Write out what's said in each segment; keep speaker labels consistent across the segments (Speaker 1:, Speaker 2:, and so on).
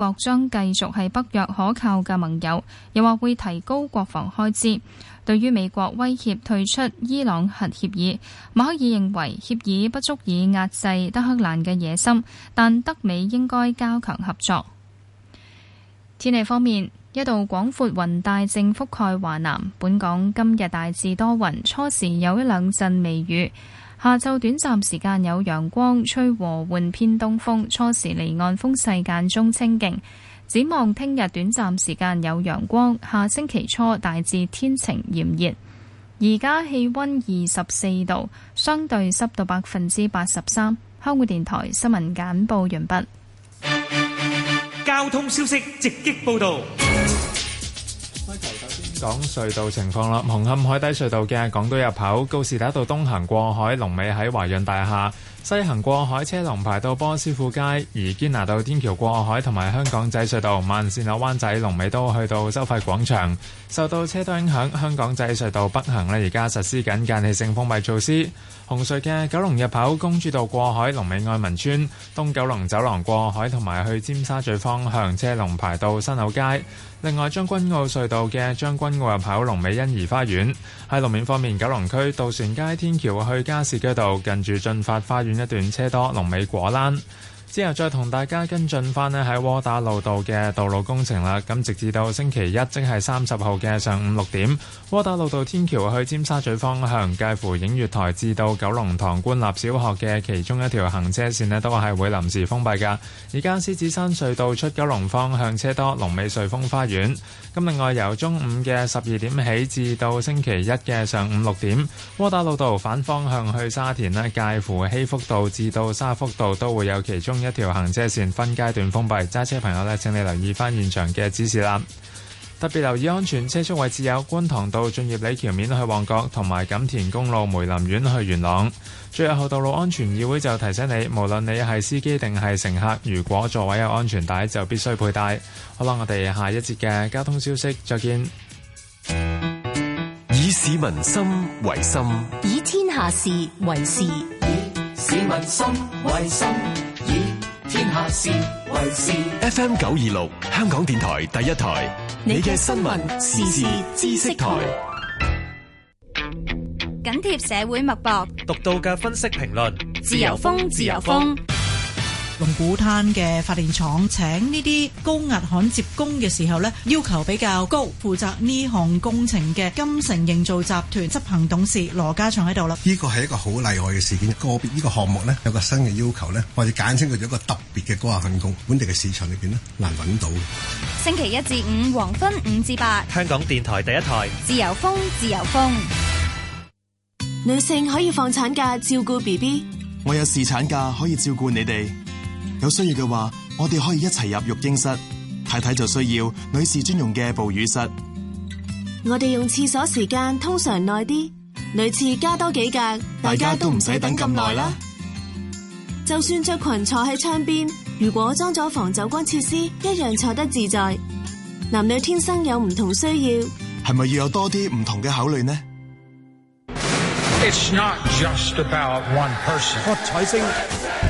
Speaker 1: 國將繼續係北約可靠嘅盟友，又話會提高國防開支。對於美國威脅退出伊朗核協議，馬克爾認為協議不足以壓制德黑蘭嘅野心，但德美應該加強合作。天氣方面，一道廣闊雲帶正覆蓋華南，本港今日大致多雲，初時有一兩陣微雨。下晝短暫時間有陽光，吹和緩偏東風。初時離岸風勢間中清勁。展望聽日短暫時間有陽光，下星期初大致天晴炎熱。而家氣溫二十四度，相對濕度百分之八十三。香港電台新聞簡報完畢。
Speaker 2: 交通消息直擊報道。
Speaker 3: 港隧道情況啦，紅磡海底隧道嘅港島入口，告士打道東行過海，龍尾喺華潤大廈；西行過海，車龍排到波斯富街。而堅拿道天橋過海同埋香港仔隧道慢線落灣仔龍尾都去到收費廣場。受到車多影響，香港仔隧道北行呢，而家實施緊間歇性封閉措施。紅隧嘅九龍入口公主道過海，龍尾愛民村東九龍走廊過海同埋去尖沙咀方向車龍排到新口街。另外將軍澳隧道嘅將軍澳入口，龍尾欣怡花園。喺路面方面，九龍區渡船街天橋去加士居道近住駿發花園一段車多，龍尾果欄。之後再同大家跟進返咧，喺窩打路道嘅道路工程啦。咁直至到星期一，即係三十號嘅上午六點，窩打路道天橋去尖沙咀方向，介乎映月台至到九龍塘官立小學嘅其中一條行車線咧，都係會臨時封閉噶。而家獅子山隧道出九龍方向，向車多，龍尾瑞峰花園。咁另外由中午嘅十二點起至到星期一嘅上午六點，窩打路道反方向去沙田咧，介乎希福道至到沙福道都會有其中。一條行車線分階段封閉，揸車朋友呢，請你留意翻現場嘅指示啦。特別留意安全車速位置有觀塘道駿業里橋面去旺角，同埋錦田公路梅林苑去元朗。最後，道路安全議會就提醒你，無論你係司機定係乘客，如果座位有安全帶，就必須佩戴。好啦，我哋下一節嘅交通消息，再見。以市民心為心，
Speaker 4: 以天下事為事，以市民心為心。
Speaker 5: FM 九二六香港電台第一台，
Speaker 2: 你嘅新
Speaker 1: 聞時事知識台，緊貼社會脈搏，
Speaker 2: 獨到嘅分析評論，
Speaker 4: 自由風，自由風。
Speaker 1: 龍鼓灘嘅發電廠請呢啲
Speaker 4: 高壓焊接工嘅時候咧，要求比較高。負責呢項工程嘅金城營造集團執行董事羅家祥喺度啦。
Speaker 2: 呢個係一個好例外嘅事件，個別呢個項目咧，有個新嘅要求咧，我哋簡稱佢做一個特別嘅高壓焊工。本地嘅市場裏邊咧難揾到。
Speaker 1: 星期一至五黃昏五至八，
Speaker 2: 香港電台第一台
Speaker 1: 自由風，
Speaker 6: 自由風。女性可以放產假照顧 BB，
Speaker 5: 我有侍產假可以照顧你哋。有需要嘅話，我哋可以一齊入育嬰室。太太就需要女士專用嘅哺乳室。
Speaker 4: 我哋用廁所時間通常耐啲，女士多加多幾格，
Speaker 2: 大家都唔使等咁耐啦。
Speaker 4: 就算着裙坐喺窗邊，如果裝咗防走光設施，一樣坐得自在。男女天生有唔同需要，
Speaker 3: 係咪要有多啲唔同嘅考慮呢
Speaker 4: ？It's not just about one person。哦。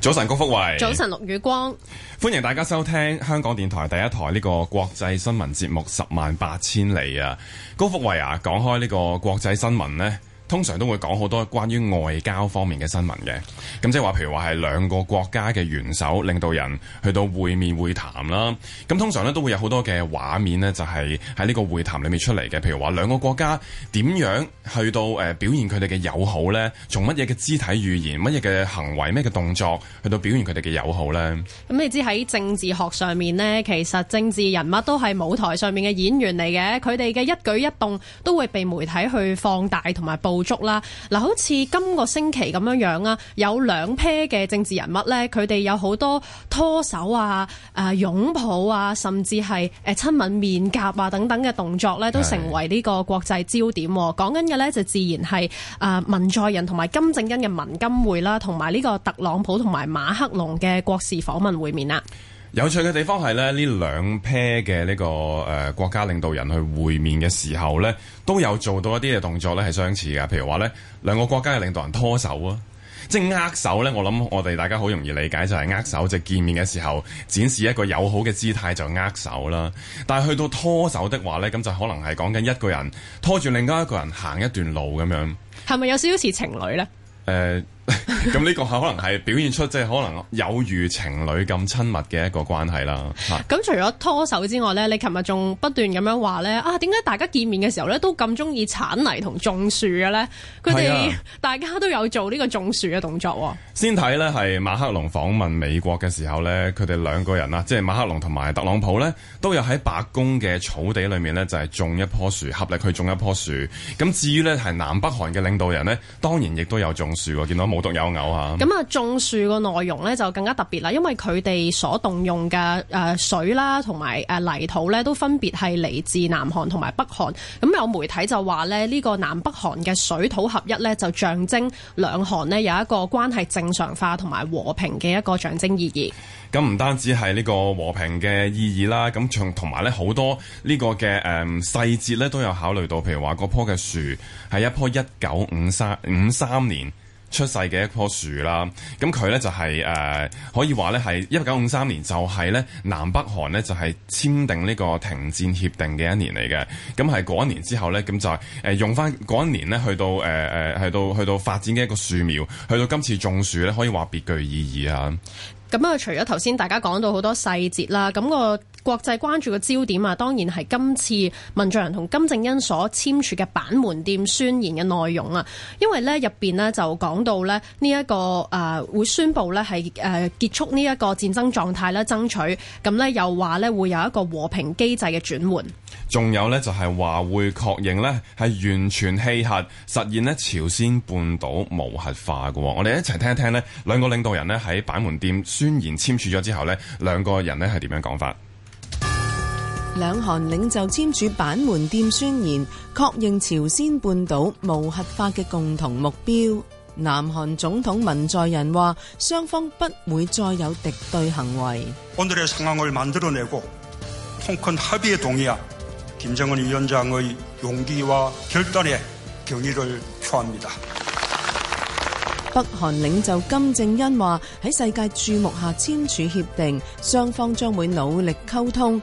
Speaker 5: 早晨，高福慧。早晨，
Speaker 6: 陸宇光。
Speaker 5: 歡迎大家收聽香港電台第一台呢個國際新聞節目《十萬八千里》啊！高福慧啊，講開呢個國際新聞呢。通常都會講好多關於外交方面嘅新聞嘅，咁即係話譬如話係兩個國家嘅元首領導人去到會面會談啦。咁通常咧都會有好多嘅畫面咧，就係喺呢個會談裏面出嚟嘅。譬如話兩個國家點樣去到誒，表現佢哋嘅友好咧？從乜嘢嘅肢體語言、乜嘢嘅行為咩嘅動作去到表現佢哋嘅友好咧？
Speaker 6: 咁、嗯、你知喺政治學上面咧，其實政治人物都係舞台上面嘅演員嚟嘅，佢哋嘅一舉一動都會被媒體去放大同埋報捕捉啦，嗱，好似今個星期咁樣樣啊，有兩批嘅政治人物咧，佢哋有好多拖手啊、啊、呃、擁抱啊，甚至係誒親吻面頰啊等等嘅動作咧，都成為呢個國際焦點。講緊嘅咧就自然係誒、呃、文在寅同埋金正恩嘅文金會啦，同埋呢個特朗普同埋馬克龍嘅國事訪問會面啦。
Speaker 5: 有趣嘅地方係咧，呢兩 pair 嘅呢個誒、呃、國家領導人去會面嘅時候呢，都有做到一啲嘅動作呢，係相似嘅。譬如話呢兩個國家嘅領導人拖手啊，即係握手呢，我諗我哋大家好容易理解，就係、是、握手，即係見面嘅時候展示一個友好嘅姿態就握手啦。但係去到拖手嘅話呢，咁就可能係講緊一個人拖住另外一個人行一段路咁樣。
Speaker 6: 係咪有少少似情侶呢？誒、
Speaker 5: 呃。咁呢 個可能係表現出即係可能有如情侶咁親密嘅一個關係啦。
Speaker 6: 咁除咗拖手之外呢，你琴日仲不斷咁樣話呢，啊點解大家見面嘅時候呢都咁中意鏟泥同種樹嘅呢？佢哋，啊，大家都有做呢個種樹嘅動作。哦，
Speaker 5: 先睇呢係馬克龍訪問美國嘅時候呢，佢哋兩個人啊，即係馬克龍同埋特朗普呢，都有喺白宮嘅草地裏面呢，就係、是、種一棵樹，合力去種一棵樹。咁至於呢係南北韓嘅領導人呢，當然亦都有種樹。見到冇。有毒有偶，啊。吓，咁
Speaker 6: 啊種樹個內容咧，就更加特別啦，因為佢哋所動用嘅，誒水啦，同埋誒泥土咧，都分別係嚟自南韓同埋北韓。咁有媒體就話咧，呢個南北韓嘅水土合一咧，就象徵兩韓呢有一個關係正常化同埋和平嘅一個象徵意義。
Speaker 5: 咁唔單止係呢個和平嘅意義啦，咁同同埋咧好多呢個嘅誒細節咧都有考慮到，譬如話嗰棵嘅樹係一棵一九五三五三年。出世嘅一棵樹啦，咁佢咧就係、是、誒、呃，可以話咧係一九五三年就係咧南北韓呢就係簽訂呢個停戰協定嘅一年嚟嘅，咁係嗰一年之後咧，咁就誒用翻嗰一年呢去到誒誒、呃、去到去到發展嘅一個樹苗，去到今次種樹咧可以話別具意義呀。
Speaker 6: 咁啊，除咗頭先大家講到好多細節啦，咁個。國際關注嘅焦點啊，當然係今次文在寅同金正恩所簽署嘅板門店宣言嘅內容啦。因為咧入邊咧就講到咧呢一個誒、呃、會宣布咧係誒結束呢一個戰爭狀態咧，爭取咁咧又話咧會有一個和平機制嘅轉換。
Speaker 5: 仲有咧就係話會確認咧係完全棄核，實現咧朝鮮半島無核化嘅。我哋一齊聽一聽咧兩個領導人咧喺板門店宣言簽署咗之後咧，兩個人咧係點樣講法？
Speaker 4: 兩韓領袖簽署板門店宣言，確認朝鮮半島無核化嘅共同目標。南韓總統文在寅話，雙方不會再有敵對行為。
Speaker 2: 北韓
Speaker 4: 領袖金正恩話喺世界注目下簽署協定，雙方將會努力溝通。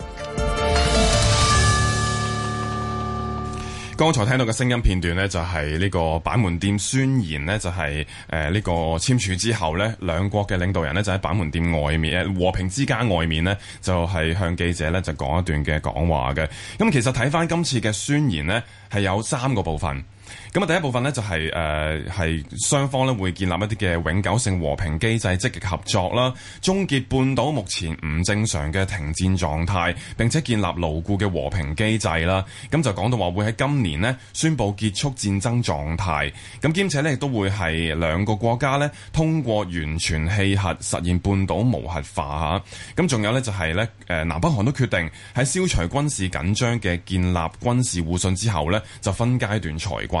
Speaker 5: 剛才聽到嘅聲音片段呢，就係呢個板門店宣言呢，就係誒，呢個簽署之後呢，兩國嘅領導人呢，就喺板門店外面，和平之家外面呢，就係向記者呢，就講一段嘅講話嘅。咁、嗯、其實睇翻今次嘅宣言呢，係有三個部分。咁啊，第一部分呢，就是，就係誒，係雙方呢，會建立一啲嘅永久性和平機制，積極合作啦，終結半島目前唔正常嘅停戰狀態，並且建立牢固嘅和平機制啦。咁就講到話會喺今年呢宣布結束戰爭狀態，咁兼且呢，亦都會係兩個國家呢通過完全棄核實現半島無核化吓。咁仲有呢，就是，就係呢，誒，南北韓都決定喺消除軍事緊張嘅建立軍事互信之後呢，就分階段裁軍。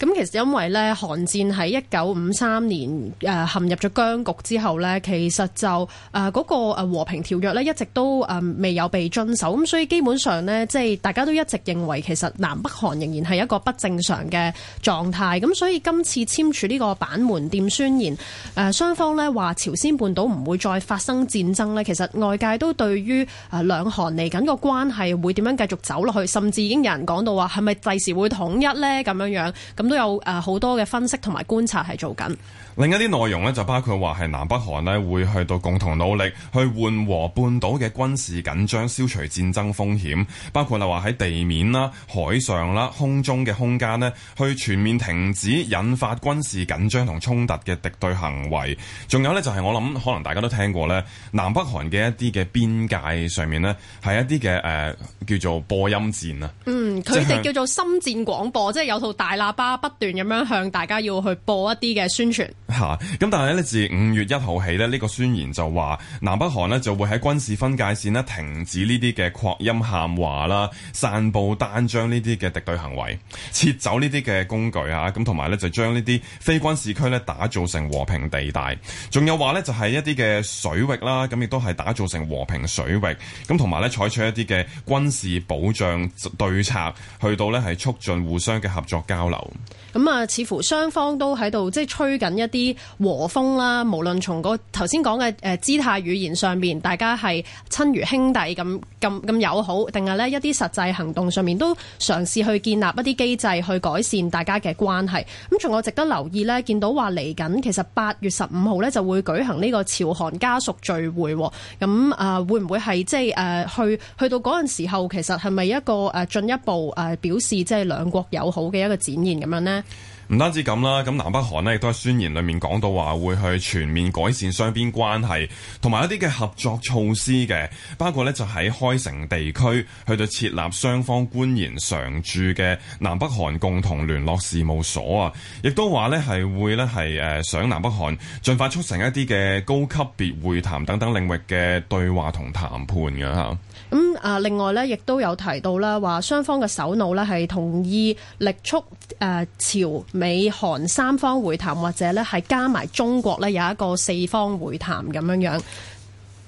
Speaker 6: 咁其實因為呢，韓戰喺一九五三年誒陷入咗僵局之後呢，其實就誒嗰個和平條約呢，一直都誒未有被遵守，咁所以基本上呢，即係大家都一直認為其實南北韓仍然係一個不正常嘅狀態。咁所以今次簽署呢個板門店宣言，誒雙方呢話朝鮮半島唔會再發生戰爭呢，其實外界都對於誒兩韓嚟緊個關係會點樣繼續走落去，甚至已經有人講到話係咪第時會統一呢？咁樣樣咁。都有誒好多嘅分析同埋觀察係做緊。
Speaker 5: 另一啲內容咧就包括話係南北韓咧會去到共同努力去緩和半島嘅軍事緊張、消除戰爭風險，包括啦話喺地面啦、海上啦、空中嘅空間咧，去全面停止引發軍事緊張同衝突嘅敵對行為。仲有呢，就係我諗可能大家都聽過咧，南北韓嘅一啲嘅邊界上面呢係一啲嘅誒叫做播音戰啊。嗯，
Speaker 6: 佢哋叫做心戰廣播，即係有套大喇叭不斷咁樣向大家要去播一啲嘅宣傳。
Speaker 5: 嚇！咁但係咧，自五月一號起咧，呢個宣言就話，南北韓咧就會喺軍事分界線咧停止呢啲嘅擴音喊話啦、散佈單張呢啲嘅敵對行為，撤走呢啲嘅工具嚇，咁同埋咧就將呢啲非軍事區咧打造成和平地帶，仲有話呢就係一啲嘅水域啦，咁亦都係打造成和平水域，咁同埋咧採取一啲嘅軍事保障對策，去到咧係促進互相嘅合作交流。
Speaker 6: 咁啊，似乎雙方都喺度即係吹緊一啲和風啦，無論從嗰頭先講嘅誒姿態語言上面，大家係親如兄弟咁咁咁友好，定係咧一啲實際行動上面都嘗試去建立一啲機制，去改善大家嘅關係。咁仲有值得留意咧，見到話嚟緊其實八月十五號咧就會舉行呢個朝韓家屬聚會，咁啊、呃、會唔會係即係誒、呃、去去到嗰陣時候，其實係咪一個誒進一步誒表示即係兩國友好嘅一個展現咁樣呢？
Speaker 5: 唔單止咁啦，咁南北韓呢，亦都喺宣言裏面講到話會去全面改善雙邊關係，同埋一啲嘅合作措施嘅，包括呢就喺開城地區去到設立雙方官員常駐嘅南北韓共同聯絡事務所啊，亦都話呢係會呢係誒想南北韓盡快促成一啲嘅高級別會談等等領域嘅對話同談判嘅嚇。
Speaker 6: 咁啊，另外咧，亦都有提到啦，話雙方嘅首腦咧係同意力促誒朝美韓三方會談，或者咧係加埋中國咧有一個四方會談咁樣樣。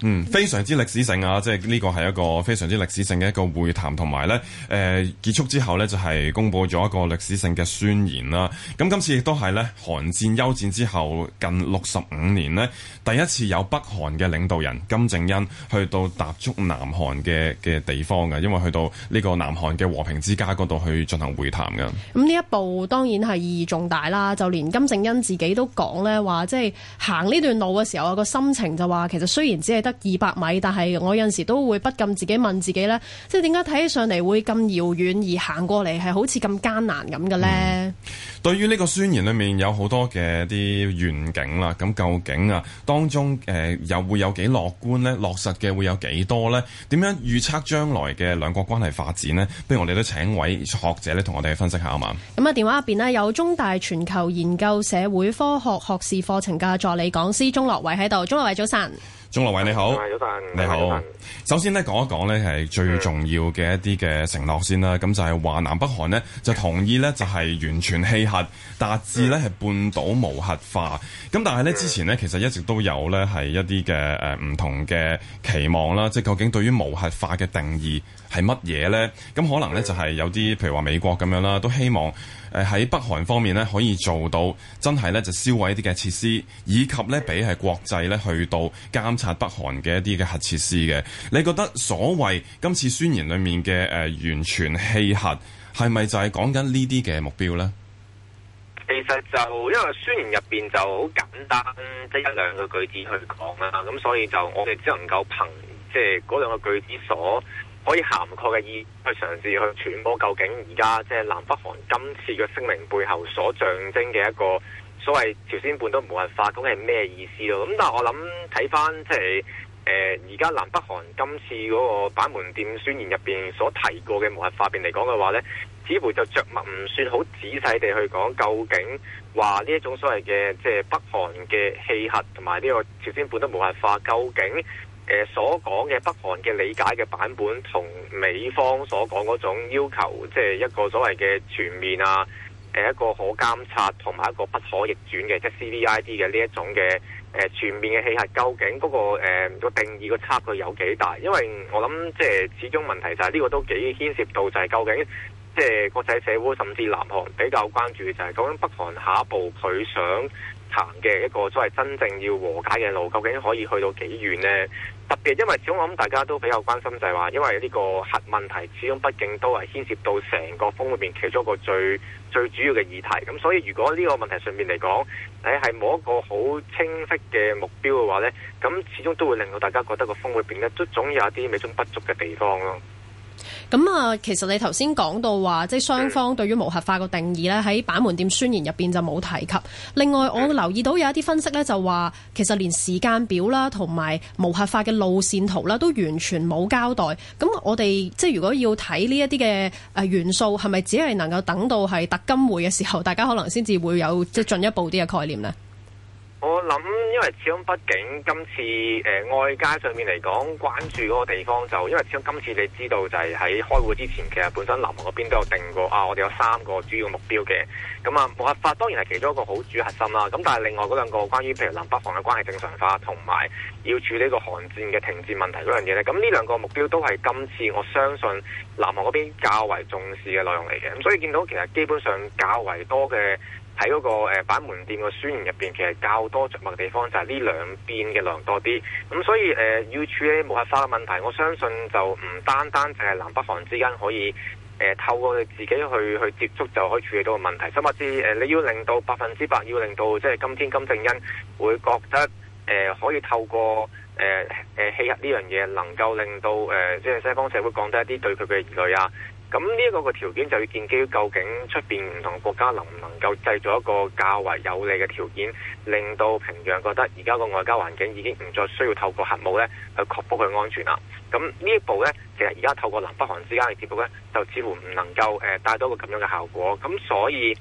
Speaker 5: 嗯，非常之歷史性啊！即係呢個係一個非常之歷史性嘅一個會談同埋咧，誒、呃、結束之後咧就係、是、公布咗一個歷史性嘅宣言啦。咁、嗯、今次亦都係咧，韓戰休戰之後近六十五年咧，第一次有北韓嘅領導人金正恩去到踏足南韓嘅嘅地方嘅，因為去到呢個南韓嘅和平之家嗰度去進行會談嘅。咁
Speaker 6: 呢、嗯、一步當然係意義重大啦。就連金正恩自己都講咧話，即係、就是、行呢段路嘅時候有個心情就話，其實雖然只係得。二百米，但係我有陣時都會不禁自己問自己呢，即係點解睇起上嚟，會咁遙遠，而行過嚟係好似咁艱難咁嘅呢？嗯，
Speaker 5: 對於呢個宣言裏面有好多嘅啲願景啦，咁究竟啊當中誒又、呃、會有幾樂觀呢？落實嘅會有幾多、多呢？點樣預測將來嘅兩國關係發展呢？不如我哋都請位學者咧，同我哋分析下嘛，
Speaker 6: 咁啊，電話入邊呢，有中大全球研究社會科學學士課程嘅助理講師鍾樂偉喺度，鍾樂偉早晨。
Speaker 5: 鍾樂偉你好，你好。首先咧，講一講咧係最重要嘅一啲嘅承諾先啦。咁就係話南北韓呢，就同意咧就係、是、完全棄核，達至咧係半島無核化。咁但係咧之前呢其實一直都有咧係一啲嘅誒唔同嘅期望啦。即係究竟對於無核化嘅定義係乜嘢？咧？咁可能咧、嗯、就係有啲，譬如話美國咁樣啦，都希望。誒喺北韓方面呢，可以做到真係呢就銷毀一啲嘅設施，以及呢俾係國際呢去到監察北韓嘅一啲嘅核設施嘅。你覺得所謂今次宣言裏面嘅誒、呃、完全棄核，係咪就係講緊呢啲嘅目標呢？
Speaker 2: 其實就因為宣言入邊就好簡單，即、就是、一兩個句子去講啦，咁所以就我哋只能夠憑即嗰、就是、兩個句子所。可以涵括嘅意去嘗試去傳播究竟而家即係南北韓今次嘅聲明背後所象徵嘅一個所謂朝鮮半島無核化，究竟係咩意思咯？咁但係我諗睇翻即係誒而家南北韓今次嗰個板門店宣言入邊所提過嘅無核化變嚟講嘅話咧，似乎就着墨唔算好仔細地去講究竟話呢一種所謂嘅即係北韓嘅棄核同埋呢個朝鮮半島無核化究竟？誒、呃、所講嘅北韓嘅理解嘅版本，同美方所講嗰種要求，即係一個所謂嘅全面啊，誒、呃、一個可監察同埋一個不可逆轉嘅，即係 CVID 嘅呢一種嘅誒、呃、全面嘅棄核，究竟嗰、那個誒、呃、定義個差距有幾大？因為我諗即係始終問題就係、是、呢、這個都幾牽涉到就係究竟，即係國際社會甚至南韓比較關注，嘅，就係、是、究竟北韓下一步佢想行嘅一個所謂真正要和解嘅路，究竟可以去到幾遠呢？特別因為始終我諗大家都比較關心就係話，因為呢個核問題始終畢竟都係牽涉到成個峯裏面其中一個最最主要嘅議題。咁所以如果呢個問題上面嚟講，你係冇一個好清晰嘅目標嘅話呢，咁始終都會令到大家覺得個峯裏邊呢，都總有一啲美中不足嘅地方咯。
Speaker 6: 咁啊，其實你頭先講到話，即係雙方對於無核化個定義咧，喺板門店宣言入邊就冇提及。另外，我留意到有一啲分析咧，就話其實連時間表啦，同埋無核化嘅路線圖啦，都完全冇交代。咁我哋即係如果要睇呢一啲嘅誒元素，係咪只係能夠等到係特金會嘅時候，大家可能先至會有即係進一步啲嘅概念呢？
Speaker 2: 我諗，因為始終畢竟今次誒外界上面嚟講，關注嗰個地方就因為始終今次你知道就係喺開會之前，其實本身南韓嗰邊都有定過啊，我哋有三個主要目標嘅。咁啊，無核化，當然係其中一個好主要核心啦。咁但係另外嗰兩個關於譬如南北韓嘅關係正常化，同埋要處理個韓戰嘅停戰問題嗰樣嘢咧，咁呢兩個目標都係今次我相信南韓嗰邊較為重視嘅內容嚟嘅。咁所以見到其實基本上較為多嘅。喺嗰個誒板門店個宣言入邊，其實較多着墨嘅地方就係、是、呢兩邊嘅量多啲。咁、嗯、所以誒、呃、要處理無核化嘅問題，我相信就唔單單淨係南北韓之間可以誒、呃、透過自己去去接觸就可以處理到個問題。甚或至誒你要令到百分之百，要令到即係今天金正恩會覺得誒、呃、可以透過誒誒、呃呃、棄核呢樣嘢，能夠令到誒、呃、即係西方社會降低一啲對佢嘅疑慮啊！咁呢一個個條件就要建基於究竟出邊唔同國家能唔能夠製造一個較為有利嘅條件，令到平壤覺得而家個外交環境已經唔再需要透過核武呢去確保佢安全啦。咁呢一步呢，其實而家透過南北韓之間嘅接觸呢，就似乎唔能夠誒帶到個咁樣嘅效果。咁所以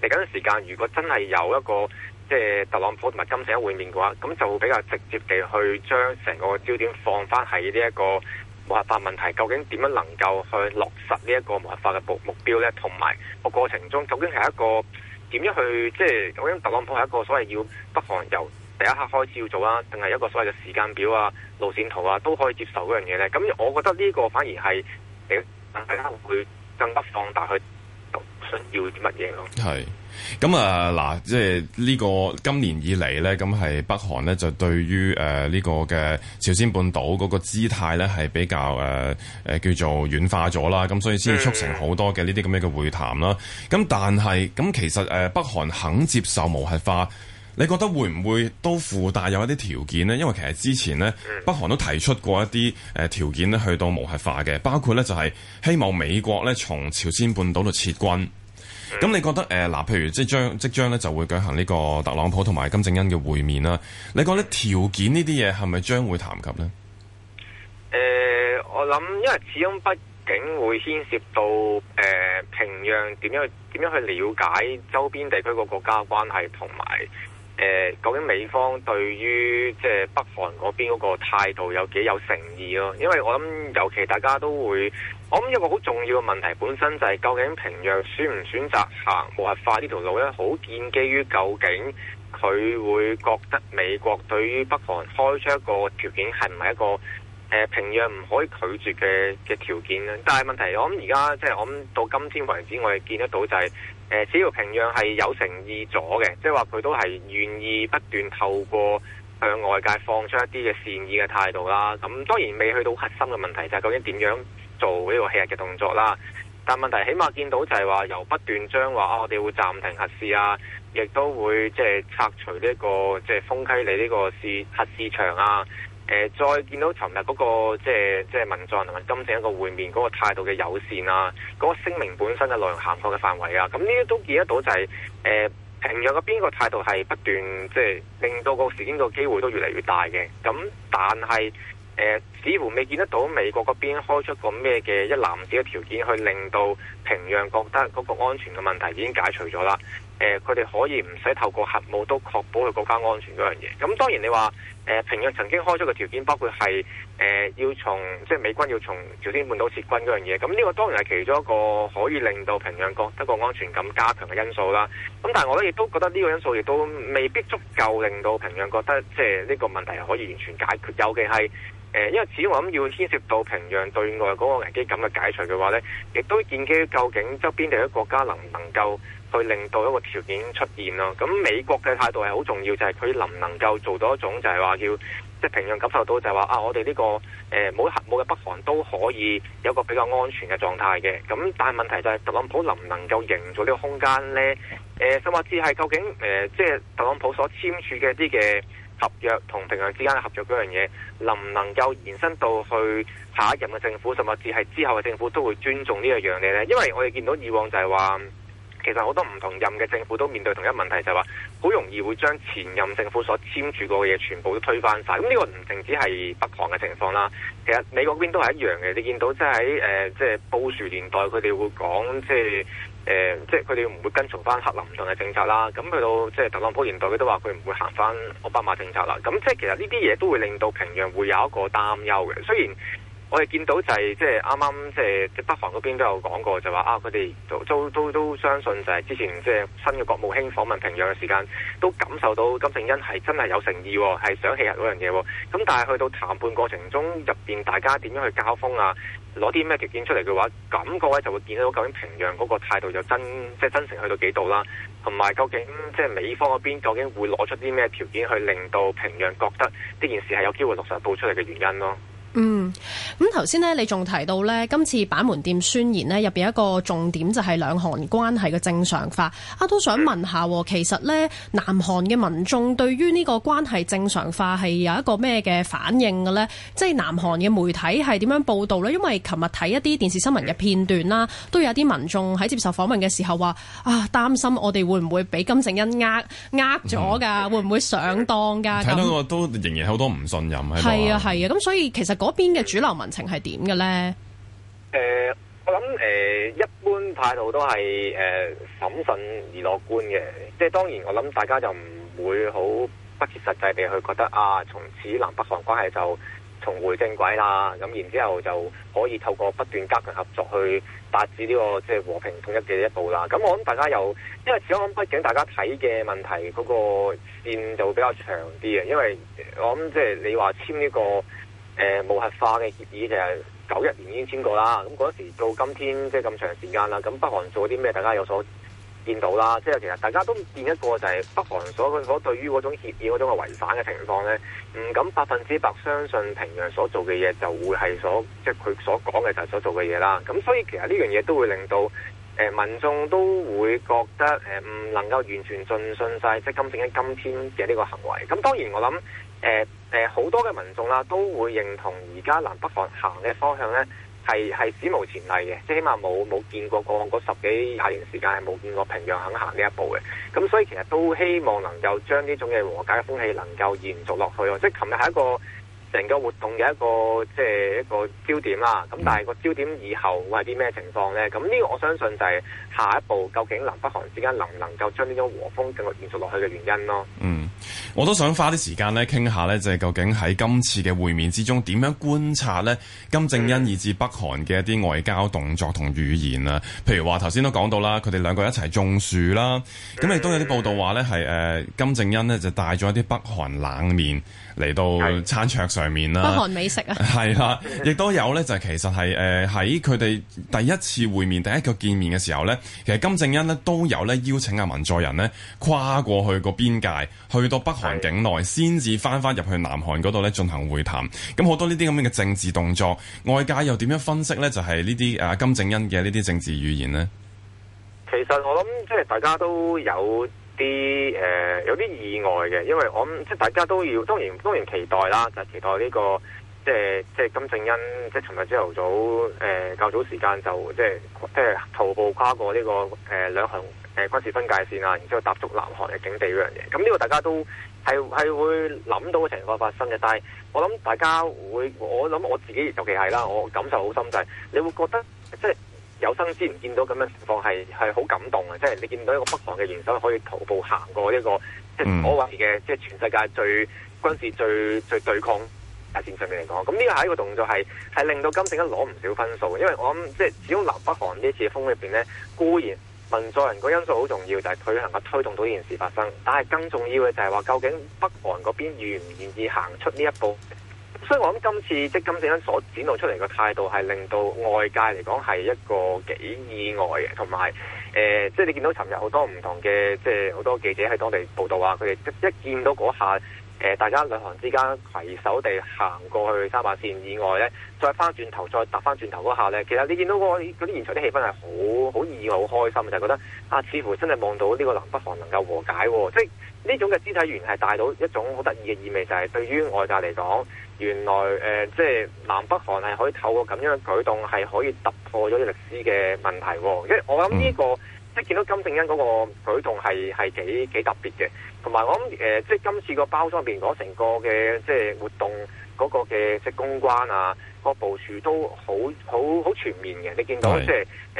Speaker 2: 嚟緊時間，如果真係有一個即係特朗普同埋金正恩會面嘅話，咁就比較直接地去將成個焦點放翻喺呢一個。冇核化問題，究竟點樣能夠去落實呢一個冇核化嘅目目標咧？同埋個過程中，究竟係一個點樣去，即係究竟特朗普係一個所謂要北韓由第一刻開始要做啊，定係一個所謂嘅時間表啊、路線圖啊都可以接受嗰樣嘢呢？咁、嗯、我覺得呢個反而係誒，大家會更加放大去想要啲乜嘢咯。
Speaker 5: 係。咁啊嗱，即係呢個今年以嚟咧，咁係北韓咧就對於誒呢個嘅朝鮮半島嗰個姿態咧係比較誒誒、呃、叫做軟化咗啦，咁所以先促成好多嘅呢啲咁樣嘅會談啦。咁但係咁、呃、其實誒北韓肯接受無核化，你覺得會唔會都附帶有一啲條件呢？因為其實之前呢，北韓都提出過一啲誒條件咧去到無核化嘅，包括咧就係希望美國咧從朝鮮半島度撤軍。咁你覺得誒嗱、呃，譬如即將即將咧就會舉行呢個特朗普同埋金正恩嘅會面啦。你覺得你條件呢啲嘢係咪將會談及呢？
Speaker 2: 誒、呃，我諗，因為始終畢竟會牽涉到誒、呃、平壤點樣點樣去了解周邊地區個國家關係同埋。誒、呃，究竟美方對於即係北韓嗰邊嗰個態度有幾有誠意咯、啊？因為我諗，尤其大家都會，我諗一個好重要嘅問題，本身就係究竟平壤選唔選擇行無核化條呢條路咧，好建基於究竟佢會覺得美國對於北韓開出一個條件係唔係一個誒平壤唔可以拒絕嘅嘅條件咧、啊？但係問題，我諗而家即係我諗到今天為止，我哋見得到就係、是。誒，只要、呃、平壤係有誠意咗嘅，即係話佢都係願意不斷透過向外界放出一啲嘅善意嘅態度啦。咁、嗯、當然未去到核心嘅問題就係、是、究竟點樣做呢個棄核嘅動作啦。但係問題起碼見到就係話由不斷將話啊，我哋會暫停核試啊，亦都會即係拆除呢、這個即係豐溪里呢個核試場啊。誒，再見到尋日嗰個即係即係文在寅同金正一個會面嗰個態度嘅友善啊，嗰、那個聲明本身嘅內容涵蓋嘅範圍啊，咁呢啲都見得到就係、是、誒、呃、平壤嗰邊個態度係不斷即係令到個時機個機會都越嚟越大嘅，咁、嗯、但係誒、呃、似乎未見得到美國嗰邊開出個咩嘅一籃子嘅條件去令到平壤覺得嗰個安全嘅問題已經解除咗啦。誒，佢哋、呃、可以唔使透過核武都確保佢國家安全嗰樣嘢。咁、嗯、當然你話，誒、呃、平壤曾經開出嘅條件包括係，誒、呃、要從即係美軍要從朝鮮半島撤軍嗰樣嘢。咁、嗯、呢、這個當然係其中一個可以令到平壤覺得個安全感加強嘅因素啦。咁、嗯、但係我咧亦都覺得呢個因素亦都未必足夠令到平壤覺得即係呢個問題可以完全解決。尤其係，誒、呃、因為始終我諗要牽涉到平壤對外嗰個危機感嘅解除嘅話咧，亦都建基於究竟周邊啲國家能唔能夠去令到一個條件出現咯。咁美國嘅態度係好重要，就係、是、佢能唔能夠做到一種就，就係話要即係平壤感受到就，就係話啊，我哋呢、這個誒冇冇嘅北韓都可以有一個比較安全嘅狀態嘅。咁但係問題就係、是、特朗普能唔能夠營造呢個空間呢？誒、呃，甚至係究竟誒、呃，即係特朗普所簽署嘅啲嘅合約同平壤之間嘅合約嗰樣嘢，能唔能夠延伸到去下一任嘅政府，甚至係之後嘅政府都會尊重呢一樣嘢呢？因為我哋見到以往就係話。其實好多唔同任嘅政府都面對同一問題，就係話好容易會將前任政府所簽署過嘅嘢全部都推翻晒。咁呢個唔淨止係北韓嘅情況啦，其實美國邊都係一樣嘅。你見到即係喺誒，即係布殊年代，佢哋會講即係誒，即係佢哋唔會跟從翻克林頓嘅政策啦。咁去到即係特朗普年代，佢都話佢唔會行翻奧巴馬政策啦。咁即係其實呢啲嘢都會令到平壤會有一個擔憂嘅。雖然。我哋見到就係即係啱啱即係北韓嗰邊都有講過就、啊，就話啊佢哋都都都,都相信就係之前即係新嘅國務卿訪問平壤嘅時間，都感受到金正恩係真係有誠意、哦，係想棄核嗰樣嘢、哦。咁但係去到談判過程中入邊，大家點樣去交鋒啊？攞啲咩條件出嚟嘅話，感覺呢就會見到究竟平壤嗰個態度真就係、真即係真誠去到幾度啦。同埋究竟即係美方嗰邊究竟會攞出啲咩條件去令到平壤覺得呢件事係有機會落實報出嚟嘅原因咯？
Speaker 6: 嗯，咁頭先咧，你仲提到咧，今次板門店宣言咧入邊一個重點就係兩韓關係嘅正常化啊，都想問下，其實咧南韓嘅民眾對於呢個關係正常化係有一個咩嘅反應嘅咧？即係南韓嘅媒體係點樣報道咧？因為琴日睇一啲電視新聞嘅片段啦，都有啲民眾喺接受訪問嘅時候話啊，擔心我哋會唔會俾金正恩呃呃咗噶，嗯、會唔會上當噶？睇到我
Speaker 5: 都仍然好多
Speaker 2: 唔信任，係
Speaker 6: 啊，係啊，咁、啊啊嗯、所以其實。嗰邊嘅主流民情係點嘅呢？
Speaker 2: 誒、呃，我諗誒、呃，一般態度都係誒審慎而樂觀嘅。即係當然，我諗大家就唔會好不切實際地去覺得啊，從此南北韓關係就重回正軌啦。咁然之後就可以透過不斷加強合作去達至呢、這個即係和平統一嘅一步啦。咁我諗大家又因為始終畢竟大家睇嘅問題嗰、那個線就比較長啲啊，因為我諗即係你話簽呢個。誒、呃、無核化嘅協議，就係九一年已經簽過啦，咁、嗯、嗰時到今天即係咁長時間啦，咁北韓做啲咩大家有所見到啦。即係其實大家都見一個就係北韓所所對於嗰種協議嗰種嘅違反嘅情況咧，唔、嗯、敢百分之百相信平壤所做嘅嘢就會係所即係佢所講嘅就係所做嘅嘢啦。咁、嗯、所以其實呢樣嘢都會令到誒、呃、民眾都會覺得誒唔、呃、能夠完全盡信晒，即係今正喺今天嘅呢個行為。咁、嗯、當然我諗。誒誒，好、呃、多嘅民眾啦，都會認同而家南北韓行嘅方向咧，係係史無前例嘅，即係起碼冇冇見過過往十幾廿年時間係冇見過平壤肯行呢一步嘅，咁所以其實都希望能夠將呢種嘅和解嘅風氣能夠延續落去咯，即係琴日係一個。成個活動嘅一個即係一個焦點啦，咁但係個焦點以後會係啲咩情況呢？咁、這、呢個我相信就係下一步究竟南北韓之間能唔能夠將呢種和風繼續延續落去嘅原因咯。嗯，
Speaker 5: 我都想花啲時間呢傾下呢，就係究竟喺今次嘅會面之中點樣觀察呢、呃，金正恩以至北韓嘅一啲外交動作同語言啊，譬如話頭先都講到啦，佢哋兩個一齊種樹啦，咁亦都有啲報道話呢，係誒金正恩呢就帶咗一啲北韓冷麵嚟到餐桌上。北韓美食啊， 啊，係啦，亦都有咧，就係、是、其實係誒喺佢哋第一次會面，第一個見面嘅時候咧，其實金正恩咧都有咧邀請阿文在寅呢跨過去個邊界，去到北韓境內，先至翻翻入去南韓嗰度咧進行會談。咁好多呢啲咁嘅政治動作，外界又點樣分析咧？就係呢啲誒金正恩嘅呢啲政治語言呢。
Speaker 2: 其實我諗，即係大家都有。啲誒、呃、有啲意外嘅，因為我諗即係大家都要，當然當然期待啦，就是、期待呢、這個、呃、即係即係金正恩即係尋日朝頭早誒、呃、較早時間就即係即係徒步跨過呢、這個誒兩、呃、韓誒軍、呃、事分界線啊，然之後踏足南韓嘅境地嗰樣嘢。咁、嗯、呢、這個大家都係係會諗到嘅情況發生嘅，但係我諗大家會，我諗我自己尤其係啦，我感受好深滯，就是、你會覺得即係。有生之年見到咁嘅情況係係好感動啊！即係你見到一個北韓嘅元首可以徒步行過一個、嗯、
Speaker 1: 即係所謂
Speaker 2: 嘅即係全世界最軍事最最對抗大戰上面嚟講，咁呢個係一個動作係係令到金正恩攞唔少分數，因為我諗即係始終南北韓呢次嘅風入邊呢，固然文在寅個因素好重要，就係、是、佢能夠推動到呢件事發生，但係更重要嘅就係話究竟北韓嗰邊願唔願意行出呢一步？所以我諗今次即係金正恩所展露出嚟嘅態度，係令到外界嚟講係一個幾意外嘅，同埋誒，即係你見到尋日好多唔同嘅，即係好多記者喺當地報道話，佢哋一見到嗰下誒，大家兩行之間攜手地行過去三八線以外咧，再翻轉頭再搭翻轉頭嗰下咧，其實你見到嗰啲現場啲氣氛係好好意外、好開心，就係、是、覺得啊，似乎真係望到呢個南北韓能夠和解、啊，即係呢種嘅肢體語言係帶到一種好得意嘅意味，就係、是、對於外界嚟講。原來誒、呃，即係南北韓係可以透過咁樣嘅舉動，係可以突破咗啲歷史嘅問題、哦。因為我諗呢、這個、嗯、即係見到金正恩嗰個舉動係係幾幾特別嘅。同埋我諗誒、呃，即係今次包裝面個包裝入邊嗰成個嘅即係活動嗰個嘅即係公關啊，嗰、那個、部署都好好好全面嘅。你見到對即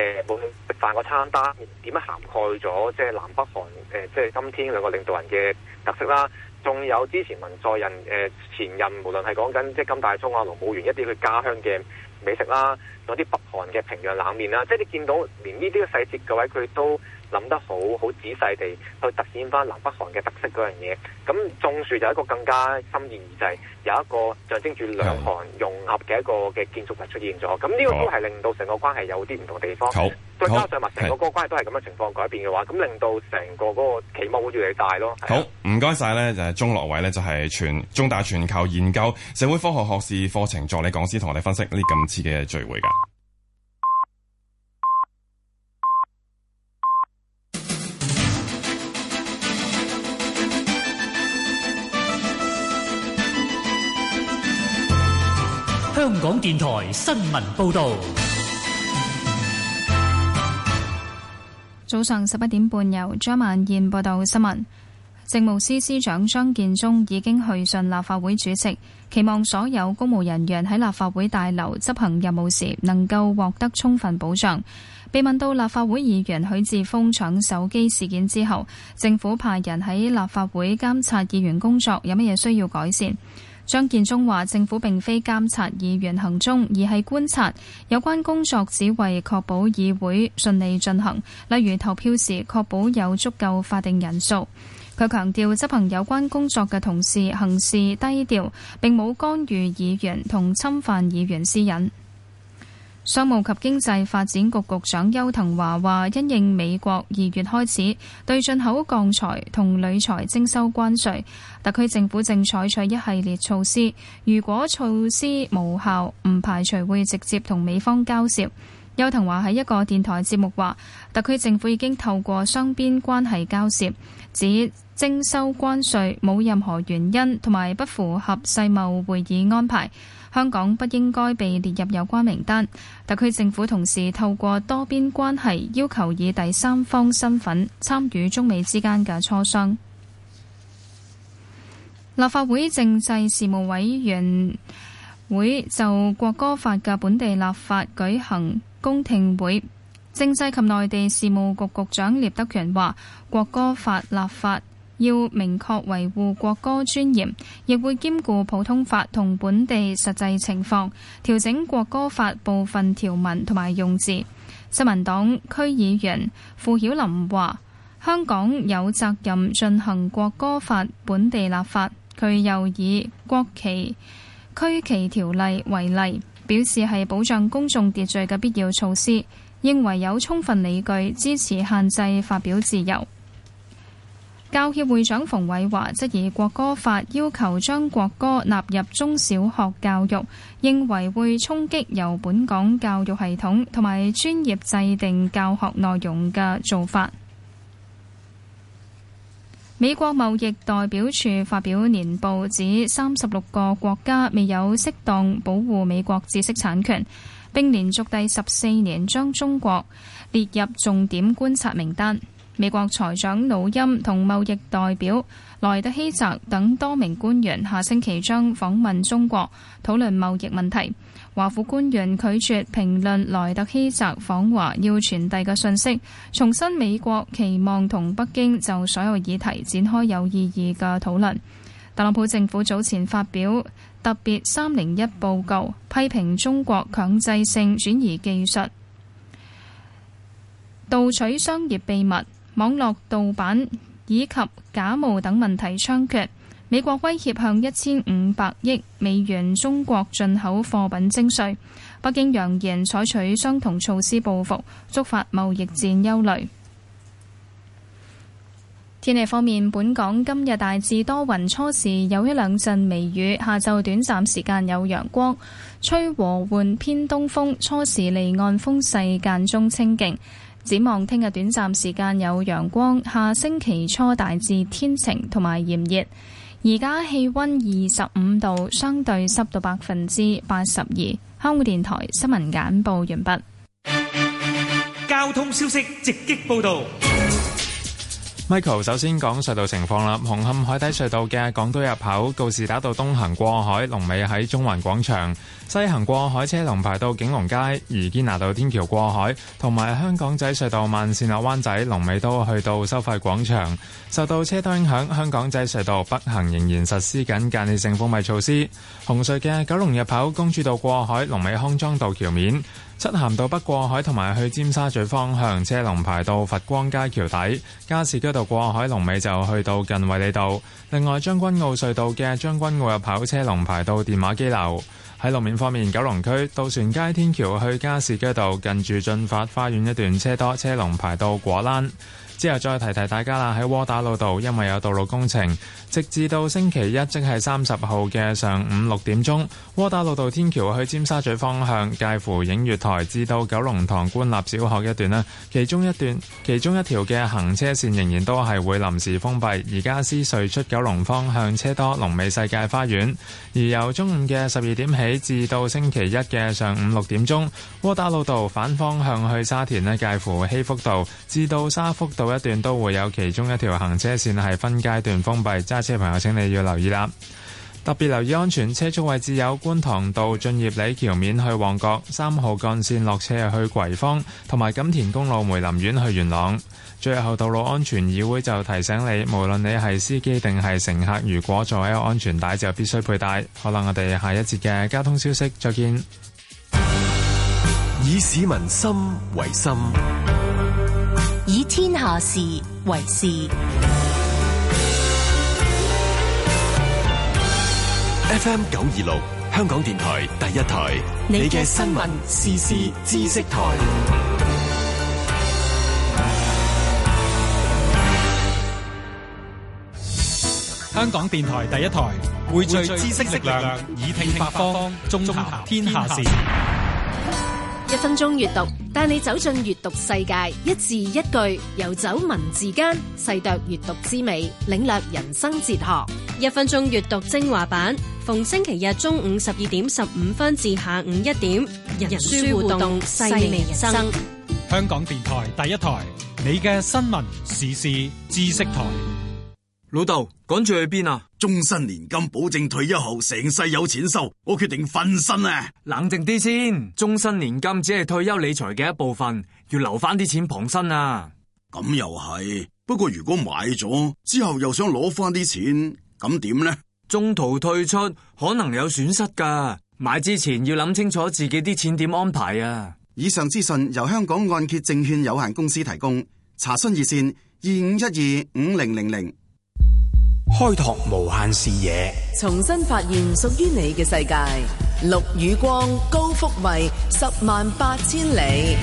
Speaker 2: 係誒，無論食飯個餐單點樣涵蓋咗即係南北韓誒、呃，即係今天兩個領導人嘅特色啦。仲有之前文在寅誒、呃、前任，無論係講緊即係金大中啊、盧武鉉一啲佢家鄉嘅美食啦，有啲北韓嘅平壤冷麵啦，即係你見到連呢啲嘅細節嘅位佢都。諗得好，好仔細地去突顯翻南北韓嘅特色嗰樣嘢，咁種樹就一個更加深意義，就係、有一個象徵住兩韓融合嘅一個嘅建築物出現咗，咁呢個都係令到成個關係有啲唔同地方，再
Speaker 4: 好加上嘛，成個
Speaker 2: 嗰個關係都係咁嘅情況改變嘅話，咁的令到成個嗰個期望會越嚟越大咯。好，
Speaker 5: 唔該晒咧，謝謝中就係鍾樂偉咧，就係全中大全球研究社會科學學士課程助理講師，同我哋分析呢啲咁刺激嘅聚會㗎。
Speaker 1: 香港電台新聞報道，早上十一點半由張萬燕報道新聞。政務司司長張建宗已經去信立法會主席，期望所有公務人員喺立法會大樓執行任務時能夠獲得充分保障。被問到立法會議員許智峰搶手機事件之後，政府派人喺立法會監察議員工作，有乜嘢需要改善？張建宗話：政府並非監察議員行蹤，而係觀察有關工作，只為確保議會順利進行。例如投票時，確保有足夠法定人數。佢強調執行有關工作嘅同事行事低調，並冇干預議員同侵犯議員私隱。商務及經濟發展局局長邱騰華話，因應美國二月開始對進口鋼材同鋁材徵收關稅，特區政府正採取一系列措施。如果措施無效，唔排除會直接同美方交涉。邱騰華喺一個電台節目話，特區政府已經透過雙邊關係交涉，指徵收關稅冇任何原因，同埋不符合世貿會議安排。香港不應該被列入有關名單。特區政府同時透過多邊關係要求以第三方身份參與中美之間嘅磋商。立法會政制事務委員會就國歌法嘅本地立法舉行公聽會。政制及內地事務局局長聶德權話：國歌法立法。要明確維護國歌尊嚴，亦會兼顧普通法同本地實際情況，調整國歌法部分條文同埋用字。新民黨區議員傅曉林話：香港有責任進行國歌法本地立法。佢又以國旗區旗條例為例，表示係保障公眾秩序嘅必要措施，認為有充分理據支持限制發表自由。教協會長馮偉華質疑國歌法要求將國歌納入中小學教育，認為會衝擊由本港教育系統同埋專業制定教學內容嘅做法。美國貿易代表處發表年報指，三十六個國家未有適當保護美國知識產權，並連續第十四年將中國列入重點觀察名單。美國財長魯欽同貿易代表萊特希澤等多名官員下星期將訪問中國，討論貿易問題。華府官員拒絕評論萊特希澤訪華要傳遞嘅信息，重申美國期望同北京就所有議題展開有意義嘅討論。特朗普政府早前發表特別三零一報告，批評中國強制性轉移技術、盜取商業秘密。網絡盜版以及假冒等問題猖獗，美國威脅向一千五百億美元中國進口貨品徵稅，北京揚言採取相同措施報復，觸發貿易戰憂慮。天氣方面，本港今日大致多雲，初時有一兩陣微雨，下晝短暫時間有陽光，吹和緩偏東風，初時離岸風勢間中清勁。展望聽日短暫時間有陽光，下星期初大致天晴同埋炎熱。而家氣溫二十五度，相對濕度百分之八十二。香港電台新聞簡報完畢。
Speaker 2: 交通消息直擊報道。
Speaker 3: Michael 首先講隧道情況啦。紅磡海底隧道嘅港島入口告士打道東行過海，龍尾喺中環廣場；西行過海車龍排到景隆街，而堅拿道天橋過海，同埋香港仔隧道慢線落灣仔，龍尾都去到收費廣場。受到車胎影響，香港仔隧道北行仍然實施緊間歇性封閉措施。紅隧嘅九龍入口公主道過海，龍尾康莊道橋面。七咸道北過海同埋去尖沙咀方向車龍排到佛光街橋底，加士居道過海龍尾就去到近衛理道。另外將軍澳隧道嘅將軍澳入口車龍排到電話機樓。喺路面方面，九龍區渡船街天橋去加士居道近住駿發花園一段車多，車龍排到果欄。之後再提提大家啦，喺窩打老道因為有道路工程，直至到星期一即係三十號嘅上午六點鐘，窩打老道天橋去尖沙咀方向，介乎映月台至到九龍塘官立小學一段啦，其中一段，其中一段，其中一條嘅行車線仍然都係會臨時封閉。而家西隧出九龍方向，向車多，龍尾世界花園。而由中午嘅十二點起至到星期一嘅上午六點鐘，窩打老道反方向去沙田咧，介乎禧福道至到沙福道。每一段都會有其中一條行車線係分階段封閉，揸車朋友請你要留意啦，特別留意安全車速位置，有觀塘道駿業里橋面去旺角三號幹線落車去葵芳，同埋錦田公路梅林苑去元朗。最後，道路安全議會就提醒你，無論你係司機定係乘客，如果座位有安全帶就必須佩戴。可能我哋下一節嘅交通消息再見。
Speaker 5: 以市
Speaker 3: 民心為心。
Speaker 4: 下
Speaker 5: 事為事，FM 九二六香港電台第一台，你嘅新聞時事知識台，
Speaker 2: 香港電台第一台匯聚知識力量，以聽八方，眾談天下事。
Speaker 6: 一分鐘閱讀，帶你走進閱讀世界，一字一句游走文字間，細度閱讀之美，領略人生哲學。一分鐘閱讀精華版，逢星期日中午十二點十五分至下午一點，人書互動，細味人生。
Speaker 2: 香港電台第一台，你嘅新聞、時事、知識台。老豆，趕住去邊啊！終身年金保證退休後，成世有
Speaker 3: 錢收。我決定瞓身啊，冷靜啲先。終身年金只係退休理財嘅一部分，要留翻啲錢傍身啊。咁又係，不過如果買咗之後又想攞翻啲錢，咁點呢？中途退出可能有損失噶，買之前要諗清楚自己啲錢點安排啊。以上資訊
Speaker 2: 由香港按揭證券有限公司提供，查詢熱線二五一二五零零零。開拓無限視野，
Speaker 4: 重新發現屬於你嘅世界。陸宇光、高福慧，十萬八千里。